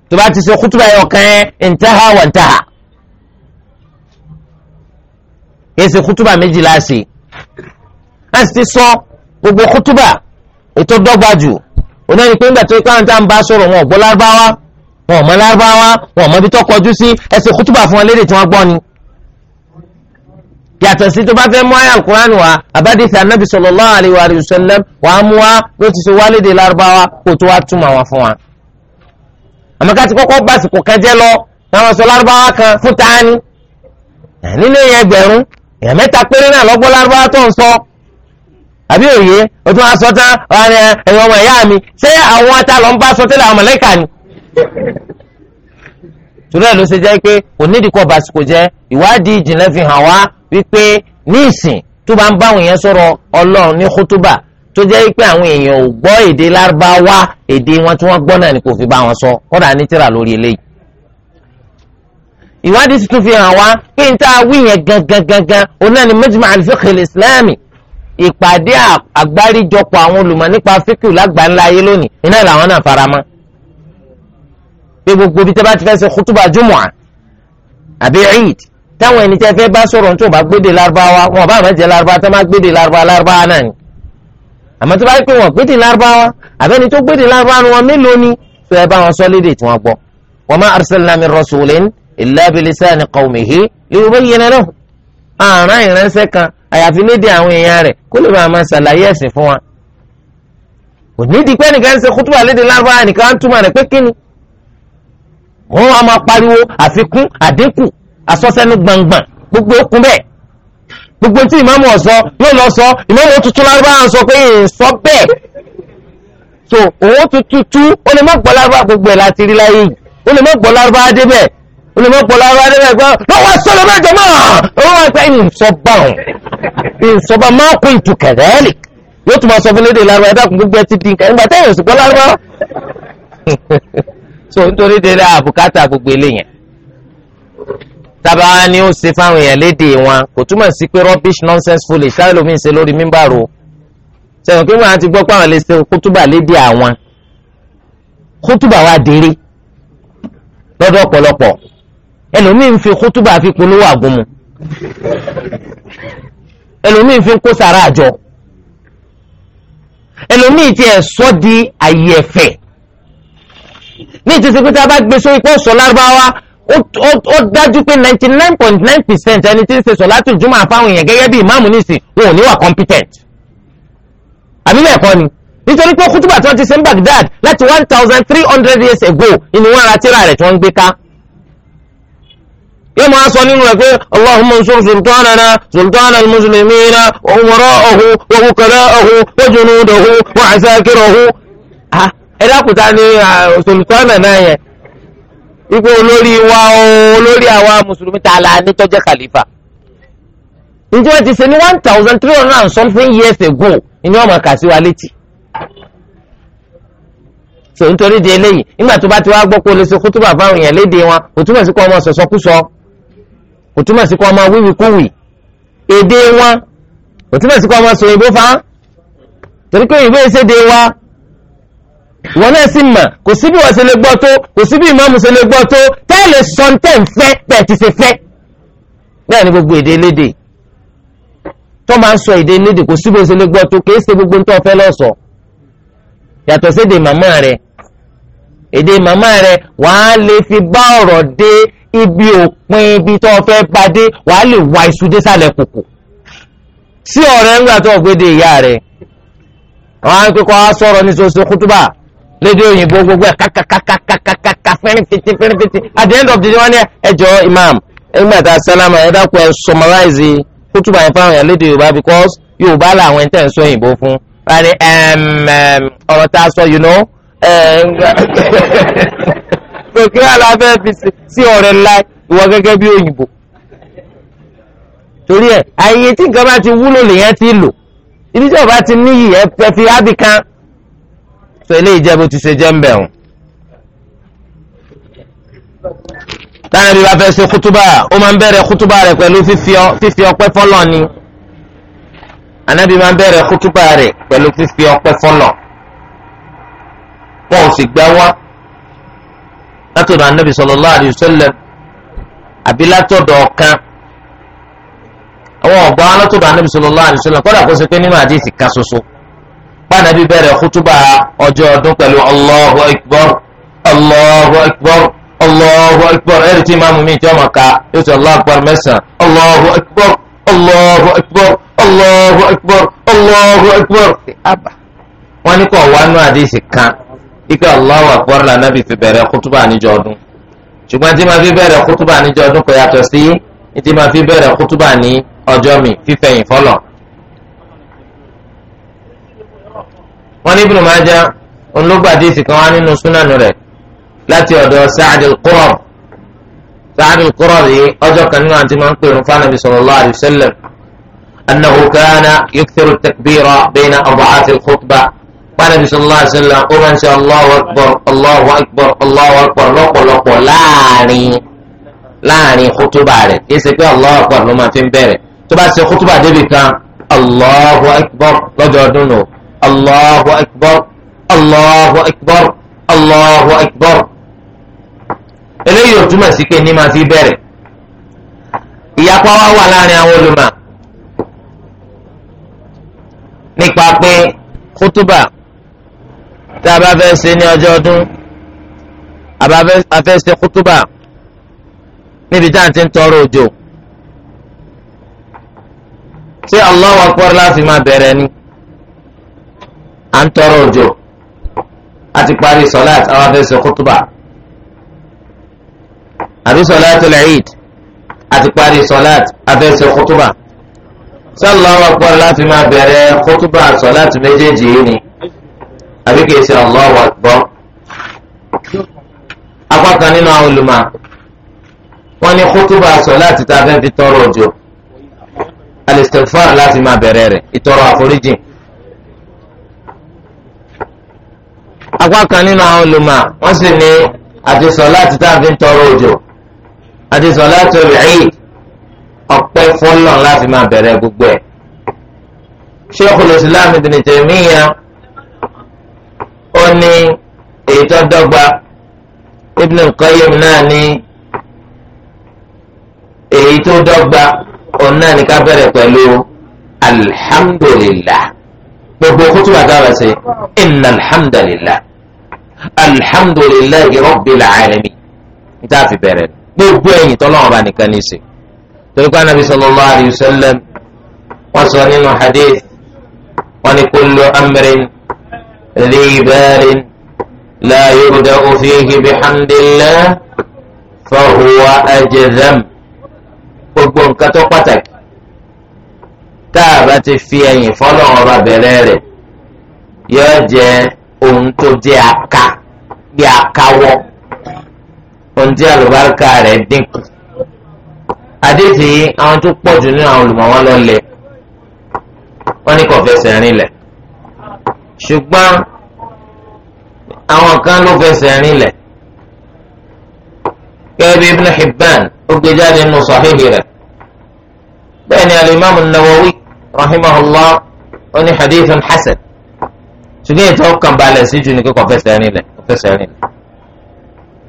tó bá ti ṣe kútùbà ẹ̀yọ̀ kan ẹ̀ ń tẹ́hà wà ń tẹ́hà. èsì kútúbà méjì láàṣì a sì ti sọ gbogbo kútúbà ètò dọ́gba jù onáyìn pé nígbà tó ń káwọn tá à ń bá sọ̀rọ̀ wọn ò gbọ́ lárúbáwá wọn ò mọ lárúbáwá wọn ò mọ ibi tó kọjú sí èsì kútúbà fún wọn lédè tí wọ́n gbọ́ ni. yàtọ̀ sí tó bá fẹ́ mú àyà alukur'an wa abadith anabi sallallahu alayhi wa sallam wà á mú wa ló ti so wá lédè lárúbáwá kó tó wá túmọ̀ wọn fún wa. àmọ́ ká ti kọ́kọ́ bá àsìkò kan lọ táwọn sọ lárúbáwá kan fún tani nílé yẹn gbẹ̀rún èèyàn mẹ́ta péré náà lọ́gbọ́ lárúbáwá tó ń sọ àbí òye o tún wá sọ tán ẹ̀yin ọmọ ìyá mi ṣé àwọn ata lọ ń bá sọ tẹ́lẹ̀ àwọn mọ̀lẹ́kà ni. tùrẹ́ ló ṣe jẹ́ pé kò nídìí kọ́ bàṣìkò jẹ́ ìwádìí ìjìnlẹ̀ fi hàn wá wípé ní ìsìn tó bá ń bá àwọn èèyàn sọ̀rọ̀ ọlọ́run ní kútúbà tó jẹ́ pé àwọn èèyàn ò gbọ́ èdè lárúbáwá èdè wọn tí wọ́n gbọ́ náà ni kò fi bá wọn sọ kọ́dà ní tírà lórí eléyìí ìwádìí sì tún fi hàn wá pé n ta wí yẹn gangan gangan òun náà ni mẹjìmọ àlùfẹ́kẹ̀lẹ̀ ìsìláàmì ìpàdé àgbáríjọpọ̀ àwọn olùmọ̀ nípa fíkìú lágbàńlá ayé lónìí iná làwọn náà fara mọ́ pé gbogbo ibi tẹ́ bá ti fẹ́ ṣe kútùbà jùmọ̀ àbí eid táwọn ẹni tẹ́ fẹ́ bá sọ̀rọ̀ tó bá gbédè lárúbáwá wọn bá àmọ́ jẹ́ lárúbáwá tó má gbédè lárúbáwá lárúbáwá náà ni àmọ́ tó bá yẹ pé wọn gbédè lárúbáwá àbẹ́ni tó gbédè lárúbáwá ni wọn mélòó ni tó bá wọn sọ tí wọ́n gbọ́ wa ma arsalna min illa bilisani qawmihi liyubayyina lahum àrùn ìránṣẹ́ kan àyàfi lédè àwọn èèyàn rẹ̀ kó lè bá a máa ṣàlàyé ẹ̀sìn fún wa. ònídìí pé nìkan ṣe kútùbà lédè lárúbáwá nìkan á ń túmọ̀ rẹ̀ pé kíni. wọ́n á máa pariwo àfikún àdínkù asọ́sẹ́nu gbangban gbogbo okun bẹ́ẹ̀. gbogbo tí ìmáàmù ọ̀sọ́ yóò lọ sọ ìmáàmù tuntun lárúbáwá sọ pé èèyàn sọ bẹ́ẹ̀. so òun tuntun ó lè má gbọ́ lárúbáwá gbogbo ẹ̀ láti rí láyé yìí ó lè má gbọ́ lárúbáwá débẹ̀ olùmọ̀ pọ̀ lára rẹ̀ gbọ́ lọ́wọ́ sọ̀rọ̀ bẹ́ẹ̀ jọ máa owó wa pẹ́ ìsọba ọ̀hún ìsọba máa kó ìtukẹ̀rẹ́ ẹ̀lì yóò tún máa sọ fún léde lárúbá ẹ̀dá gbogbo ẹ̀ ti di nǹkan nígbà tẹ́yìn òsùpọ̀ lárúbá so nítorí dèrè àbùkátà gbogbo eléyẹn tábà ni ó ṣe fáwọn èèyàn léde wọn kò túmọ̀ sí pé rubbish nonsense foolish táwọn ẹlòmíín ṣe lórí mímbàrò sẹ́yìn kí wọ́n ti gbọ́ pé àwọn lè ṣe kútùbà léde àwọn kútùbà wa dèrè lọ́dọ̀ ọ̀pọ̀lọpọ̀ ẹlòmíín fi kútúbà fi polówó àgùnmu ẹlòmíín fi kó sàrà àjọ ẹlòmíín ti ẹ̀ sọ́ di àyè ẹ̀fẹ̀ ní ìtìsí pé tá a bá gbé sórí pé ó lárúbáwá ó dájú pé ninety nine point nine percent ẹni tí ń ṣe sọ̀látù jùmọ̀ àfáwọn èèyàn gẹ́gẹ́ bí ìmáàmù nísìn wọn ò ní competent àbí bẹ́ẹ̀ kọ́ ni nítorí pé kútùbà tí wọ́n ti ṣe ń Baghdad láti one thousand three hundred years ago ni wọ́n ra tírà rẹ̀ tí wọ́n ń gbé ká ịmụ asọ sọ nínú rẹ̀ pé allahumma na sultanana sultanal na wa umara'ahu wa ukala'ahu wa junudahu wa asakirahu. ẹ dákúta ni sultanana yẹn ipò olórí wa olórí àwa mùsùlùmí ta la ní tọ́jẹ́ khalifa njẹ́ wọ́n ti ṣe ní one thousand three hundred and something years ago ni wọ́n sí wa létí. so nítorí di eléyìí nígbà tó bá ti wá gbọ́ pé o lè ṣe kútùbà kò túmọ̀ sí kó ọmọ wíwí kúwì èdè wọn kò túmọ̀ sí kó ọmọ sọ òyìnbó fa torí pé ìwé ìṣèdè wa wọn náà sì mà kò sí bí wọn ṣe lè gbọ́ tó kò sí bí ìmáàmù ṣe lè gbọ́ tó tẹ́lẹ̀ sọ̀ǹtẹ̀ ń fẹ́ bẹ́ẹ̀ ti ṣe fẹ́ bẹ́ẹ̀ ni gbogbo èdè lédè tó máa ń sọ èdè lédè kò sí bí wọn ṣe lè gbọ́ tó kì í ṣe gbogbo ń tọ́ fẹ́ lọ́sọ̀ọ́ yàtọ̀ sédè màmá èdè màmá rẹ wàá lè fi bá ọ̀rọ̀ dé ibi òpin ibi tó fẹ́ bá dé wàá lè wá iṣu dé sálẹ̀ kòkò sí ọ̀rẹ́ ńgbà tó gbédè ìyá rẹ̀ wọ́n ń pẹ́ sọ̀rọ̀ ní soso kútúbà lédè òyìnbó gbogbo ẹ̀ kàkàkàkàkàkà fẹ́rin fìtì at the end of the day wọ́n ní ẹjọ́ imam ẹgbẹ́ àti asálámà ẹ dákun ẹ summarize kútúbà yẹn fáwọn yẹn lédè yorùbá because yorùbá làwọn ẹ̀ tẹ̀ ń sọ òyìnbó fún wọ́n á ní ọ̀rọ̀ tá a sọ you know pèkì aláfẹ́ fi sí ọ̀rẹ́ láì ìwọ gẹ́gẹ́ bí òyìnbó torí ẹ̀ àyè tí nǹkan bá ti wúlò lèyẹn ti lò ibi tí ọba ti níyì ẹ fi ábì kan sọ eléyìí jẹ́ bó ti ṣe jẹ́ ń bẹ̀ wọ́n. táwọn ibi bá fẹ́ ṣe kútúbà ó máa ń bẹ̀rẹ̀ kútúbà rẹ̀ pẹ̀lú fífi ọpẹ́ fọ́lọ́ ni ànábì máa ń bẹ̀rẹ̀ kútúbà rẹ̀ pẹ̀lú fífi ọpẹ́ fọ́lọ́ wọn ò sì gbà wá látọ̀dọ̀ anabi sallallahu alayhi wa sallam àbí látọ̀dọ̀ ọ̀kan àwọn ọ̀gbọ́n alátọ̀dọ̀ anabi sallallahu alayhi wa sallam kọ́dà kó ṣe pé nínú àdìsí kan ṣoṣo pàdánù bẹ̀rẹ̀ kútúbà ọjọ́ ọdún pẹ̀lú Allahu Akbar Allahu Akbar Allahu Akbar ẹ̀rì tí màmú mi jọ́ màkà yóò sọ Allahu Akbar mẹ́sàn-án Allahu Akbar Allahu Akbar Allahu Akbar Allahu ní kò wá nú àdìsí kan ike Allahu akbar la nàbì fi bẹ̀rẹ̀ kútúbà níjọ ọdún ṣùgbọ́n tí máa fi bẹ̀rẹ̀ kútúbà níjọ ọdún kò yàtọ̀ sí tí máa fi bẹ̀rẹ̀ kútúbà ní ọjọ́ mi fífẹ̀yìn fọlọ̀. wọ́n ní Ibnu Majah olùgbàdìsì kan wá nínú súnánù rẹ̀ láti ọ̀dọ̀ Sa'd al-Qurra Sa'd yìí ọjọ́ kan nínú àti máa ń pèrún fánàbì sallallahu alayhi wa sallam
annahu kana
yukthiru at-takbira bayna ad'af pàdánù sallallahu alaihi wasallam ó máa ń ṣe Allahu akbar Allahu akbar Allahu akbar lọ́pọ̀lọpọ̀ láàrin láàrin kútúbà rẹ̀ kì í ṣe pé Allahu akbar ló máa fi ń bẹ̀rẹ̀ tó bá ṣe kútúbà débi kan Allahu akbar lọ́jọ́ ọdún nù Allahu akbar Allahu akbar Allahu akbar eléyìí ò túmọ̀ sí pé ní máa fi bẹ̀rẹ̀ ìyapa wa wà láàrin àwọn olùmọ̀ nípa pé kútúbà tá a bá fẹ́ ṣe ní ọjọ́ ọdún a bá fẹ́ ṣe kútúbà níbi tá à ń ti ń tọrọ òjò ṣé Allahu akbar láti máa bẹ̀rẹ̀ ni à ń tọrọ òjò a ti parí sọláàt àwọn a fẹ́ ṣe kútúbà àbí sọláàtul Eid a ti parí sọláàt a fẹ́ ṣe kútúbà ṣé Allahu akbar láti máa bẹ̀rẹ̀ kútúbà sọláàt méjèèjì yìí ni. àbí kìí ṣe Allahu Akbar apá kan nínú àwọn sọ láti ta fẹ́ fi tọrọ òjò alistighfar láti máa bẹ̀rẹ̀ rẹ̀ ìtọrọ àforíjì. apá kan nínú àwọn olùmọ̀ wọ́n sì ní àti sọ láti ta fi tọrọ òjò àti sọ láti fọlọ́n láti máa bẹ̀rẹ̀ gbogbo ẹ̀. wọn ní èyí tó dọ́gba Ibn Qayyim náà ní èyí tó dọ́gba òun náà ní ká bẹ̀rẹ̀ pẹ̀lú alhamdulillah gbogbo kútu bàtà wà sí inna alhamdulillah alhamdulillahi rabbil alamin níta fi bẹ̀rẹ̀ gbogbo ẹ̀yìn tọ́lọ́wọ́n bá nìkan ní í
torí pé anabi sallallahu alayhi
wọ́n sọ nínú hadith wọ́n ní kullu amrin.
ذي بال لا يبدأ فيه بحمد الله
فهو أجذم gbogbo nǹkan tó pàtàkì tá a bá ti fi ẹ̀yìn fọ́lọ́run ọba bẹ̀rẹ̀ rẹ̀ yóò jẹ́ ohun tó jẹ́ aka bí akawọ́ ohun tí àlùbáríkà rẹ̀ dínkù àdéhìí àwọn tó pọ̀ jù nínú àwọn olùmọ̀wọ́n lọ́lẹ̀ wọ́n ní kò fẹsẹ̀ rinlẹ̀ ṣùgbọ́n àwọn kan ló fẹsẹ̀ rinlẹ̀ gẹ́gẹ́ bí Ibn Hibban ó gbé jáde nínú sàhíhì rẹ̀ bẹ́ẹ̀ ni alimami Nawawi rahimahullah ó ní hadithun hasan ṣùgbọ́n ètò ọkàn balẹ̀ sí ju ní kíkọ́ fẹsẹ̀ rinlẹ̀ fẹsẹ̀ rinlẹ̀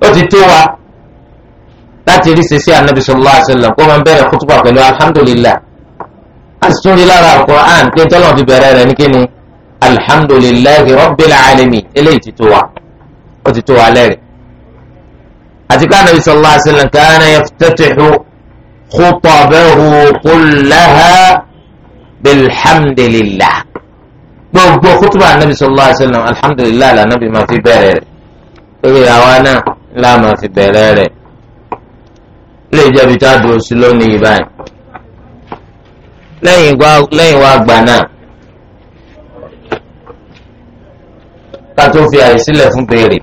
ó ti tó wa láti rí sèse anabi sallallahu alaihi wasallam kó máa bẹ̀rẹ̀ kútùbà pẹ̀lú alhamdulillah a sì tún rí lára tọ́lọ́ fi bẹ̀rẹ̀ rẹ̀ ní kíni alhamdulillahi rabbil alamin eléyìí ti tó wa ó ti tó wa lẹ́rìí. àti ká nàbí sallallahu alayhi wa sallam kana yaftatihu khutabahu kullaha bilhamdulillah gbogbo kútùbà nàbí sallallahu alayhi wa sallam alhamdulillah la nàbí máa fi bẹ̀rẹ̀ rẹ̀ lórí àwa náà la máa fi bẹ̀rẹ̀ rẹ̀ lè jẹ́bi tá a dùn sí lónìí báyìí lẹ́yìn wá gbà náà. ká tó fi àyè sílẹ̀ fún béèrè.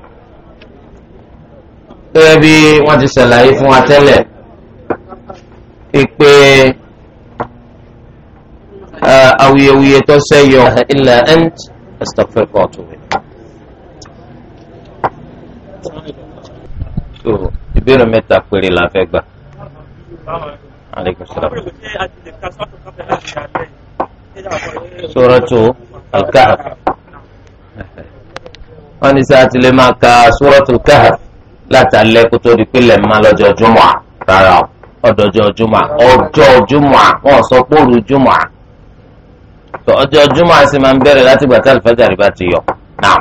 gẹ́gẹ́ bí wọ́n ti ṣàlàyé fún wa tẹ́lẹ̀ ìpè awuyewuye tó ṣẹ́yọ ilẹ̀ end astaghfirullah tó wẹ̀. ìbéèrè mẹ́ta péré la fẹ́ gbà. عليكم السلام سورة wọ́n ní sáà ti lè máa ka Suratul Kahf látàlẹ́ kó tó di pílẹ̀ mọ́ lọ́jọ́ júmọ̀ rárá ọ̀dọ̀jọ́ júmọ̀ ọjọ́ wọn sọ tó ọjọ́ sì máa ń bẹ̀rẹ̀ láti gbà ti yọ náà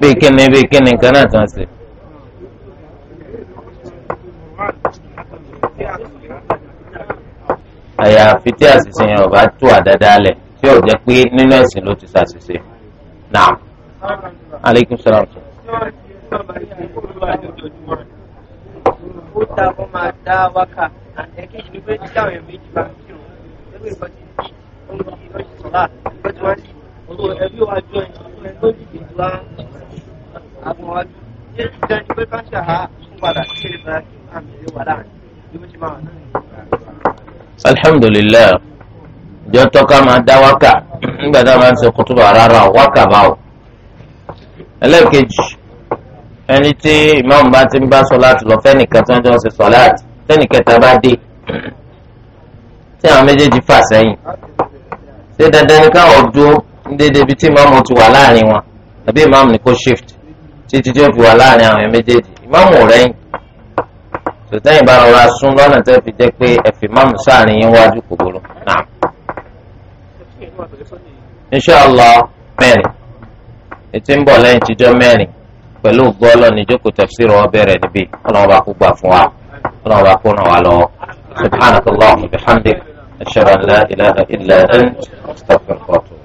bíi kíni bíi kíni nǹkan náà tán sí. àyàfi tí àṣìṣe yẹn ọba tú àdáadáa lẹ̀ tí ò jẹ́ pé nínú ẹ̀sìn ló ti ṣàṣìṣe náà aleykum salaam. ó ta so ẹbí wa jọ ìṣẹ́ tó dìde wá àwọn wájú ṣé ìdájú pé káṣà á tún padà sí ìlera kí àmì ìlú wà láàrin bí wọ́n ṣe máa wà náà. alhamdulilayi ìjọ tọ́ka máa dá wákà nígbà tá a máa ń ṣe kútùbà rárá wákà báwò ẹlẹ́ẹ̀kejì ẹni tí ìmáàmù bá ti ń bá sọ láti lọ fẹ́nìkan tí wọ́n jọ ń ṣe sọ láti fẹ́nìkẹta bá dé tí àwọn méjèèjì fà sẹ́yìn ṣé dandan ni káwọn dúró dédé bi tí ìmáàmù ti wà láàrin wọn àbí ìmáàmù ni kò shift títí tí ó fi wà láàrin àwọn méjèèjì ìmáàmù rẹ̀yìn tòtẹ́yìn bá rọra sún lọ́nà tẹ́ fi jẹ́ pé ẹ ìmáàmù sáàrin yín wájú kò burú náà. inṣọ́ọ̀lá mẹ́rin ètí ń bọ̀ lẹ́yìn tíjọ́ mẹ́rin pẹ̀lú gbọ́lọ̀ níjókòó tafsírù wọn bẹ̀rẹ̀ níbí ọlọ́run bá gbà fún wa ọlọ́run bá
ràn
wá lọ́wọ́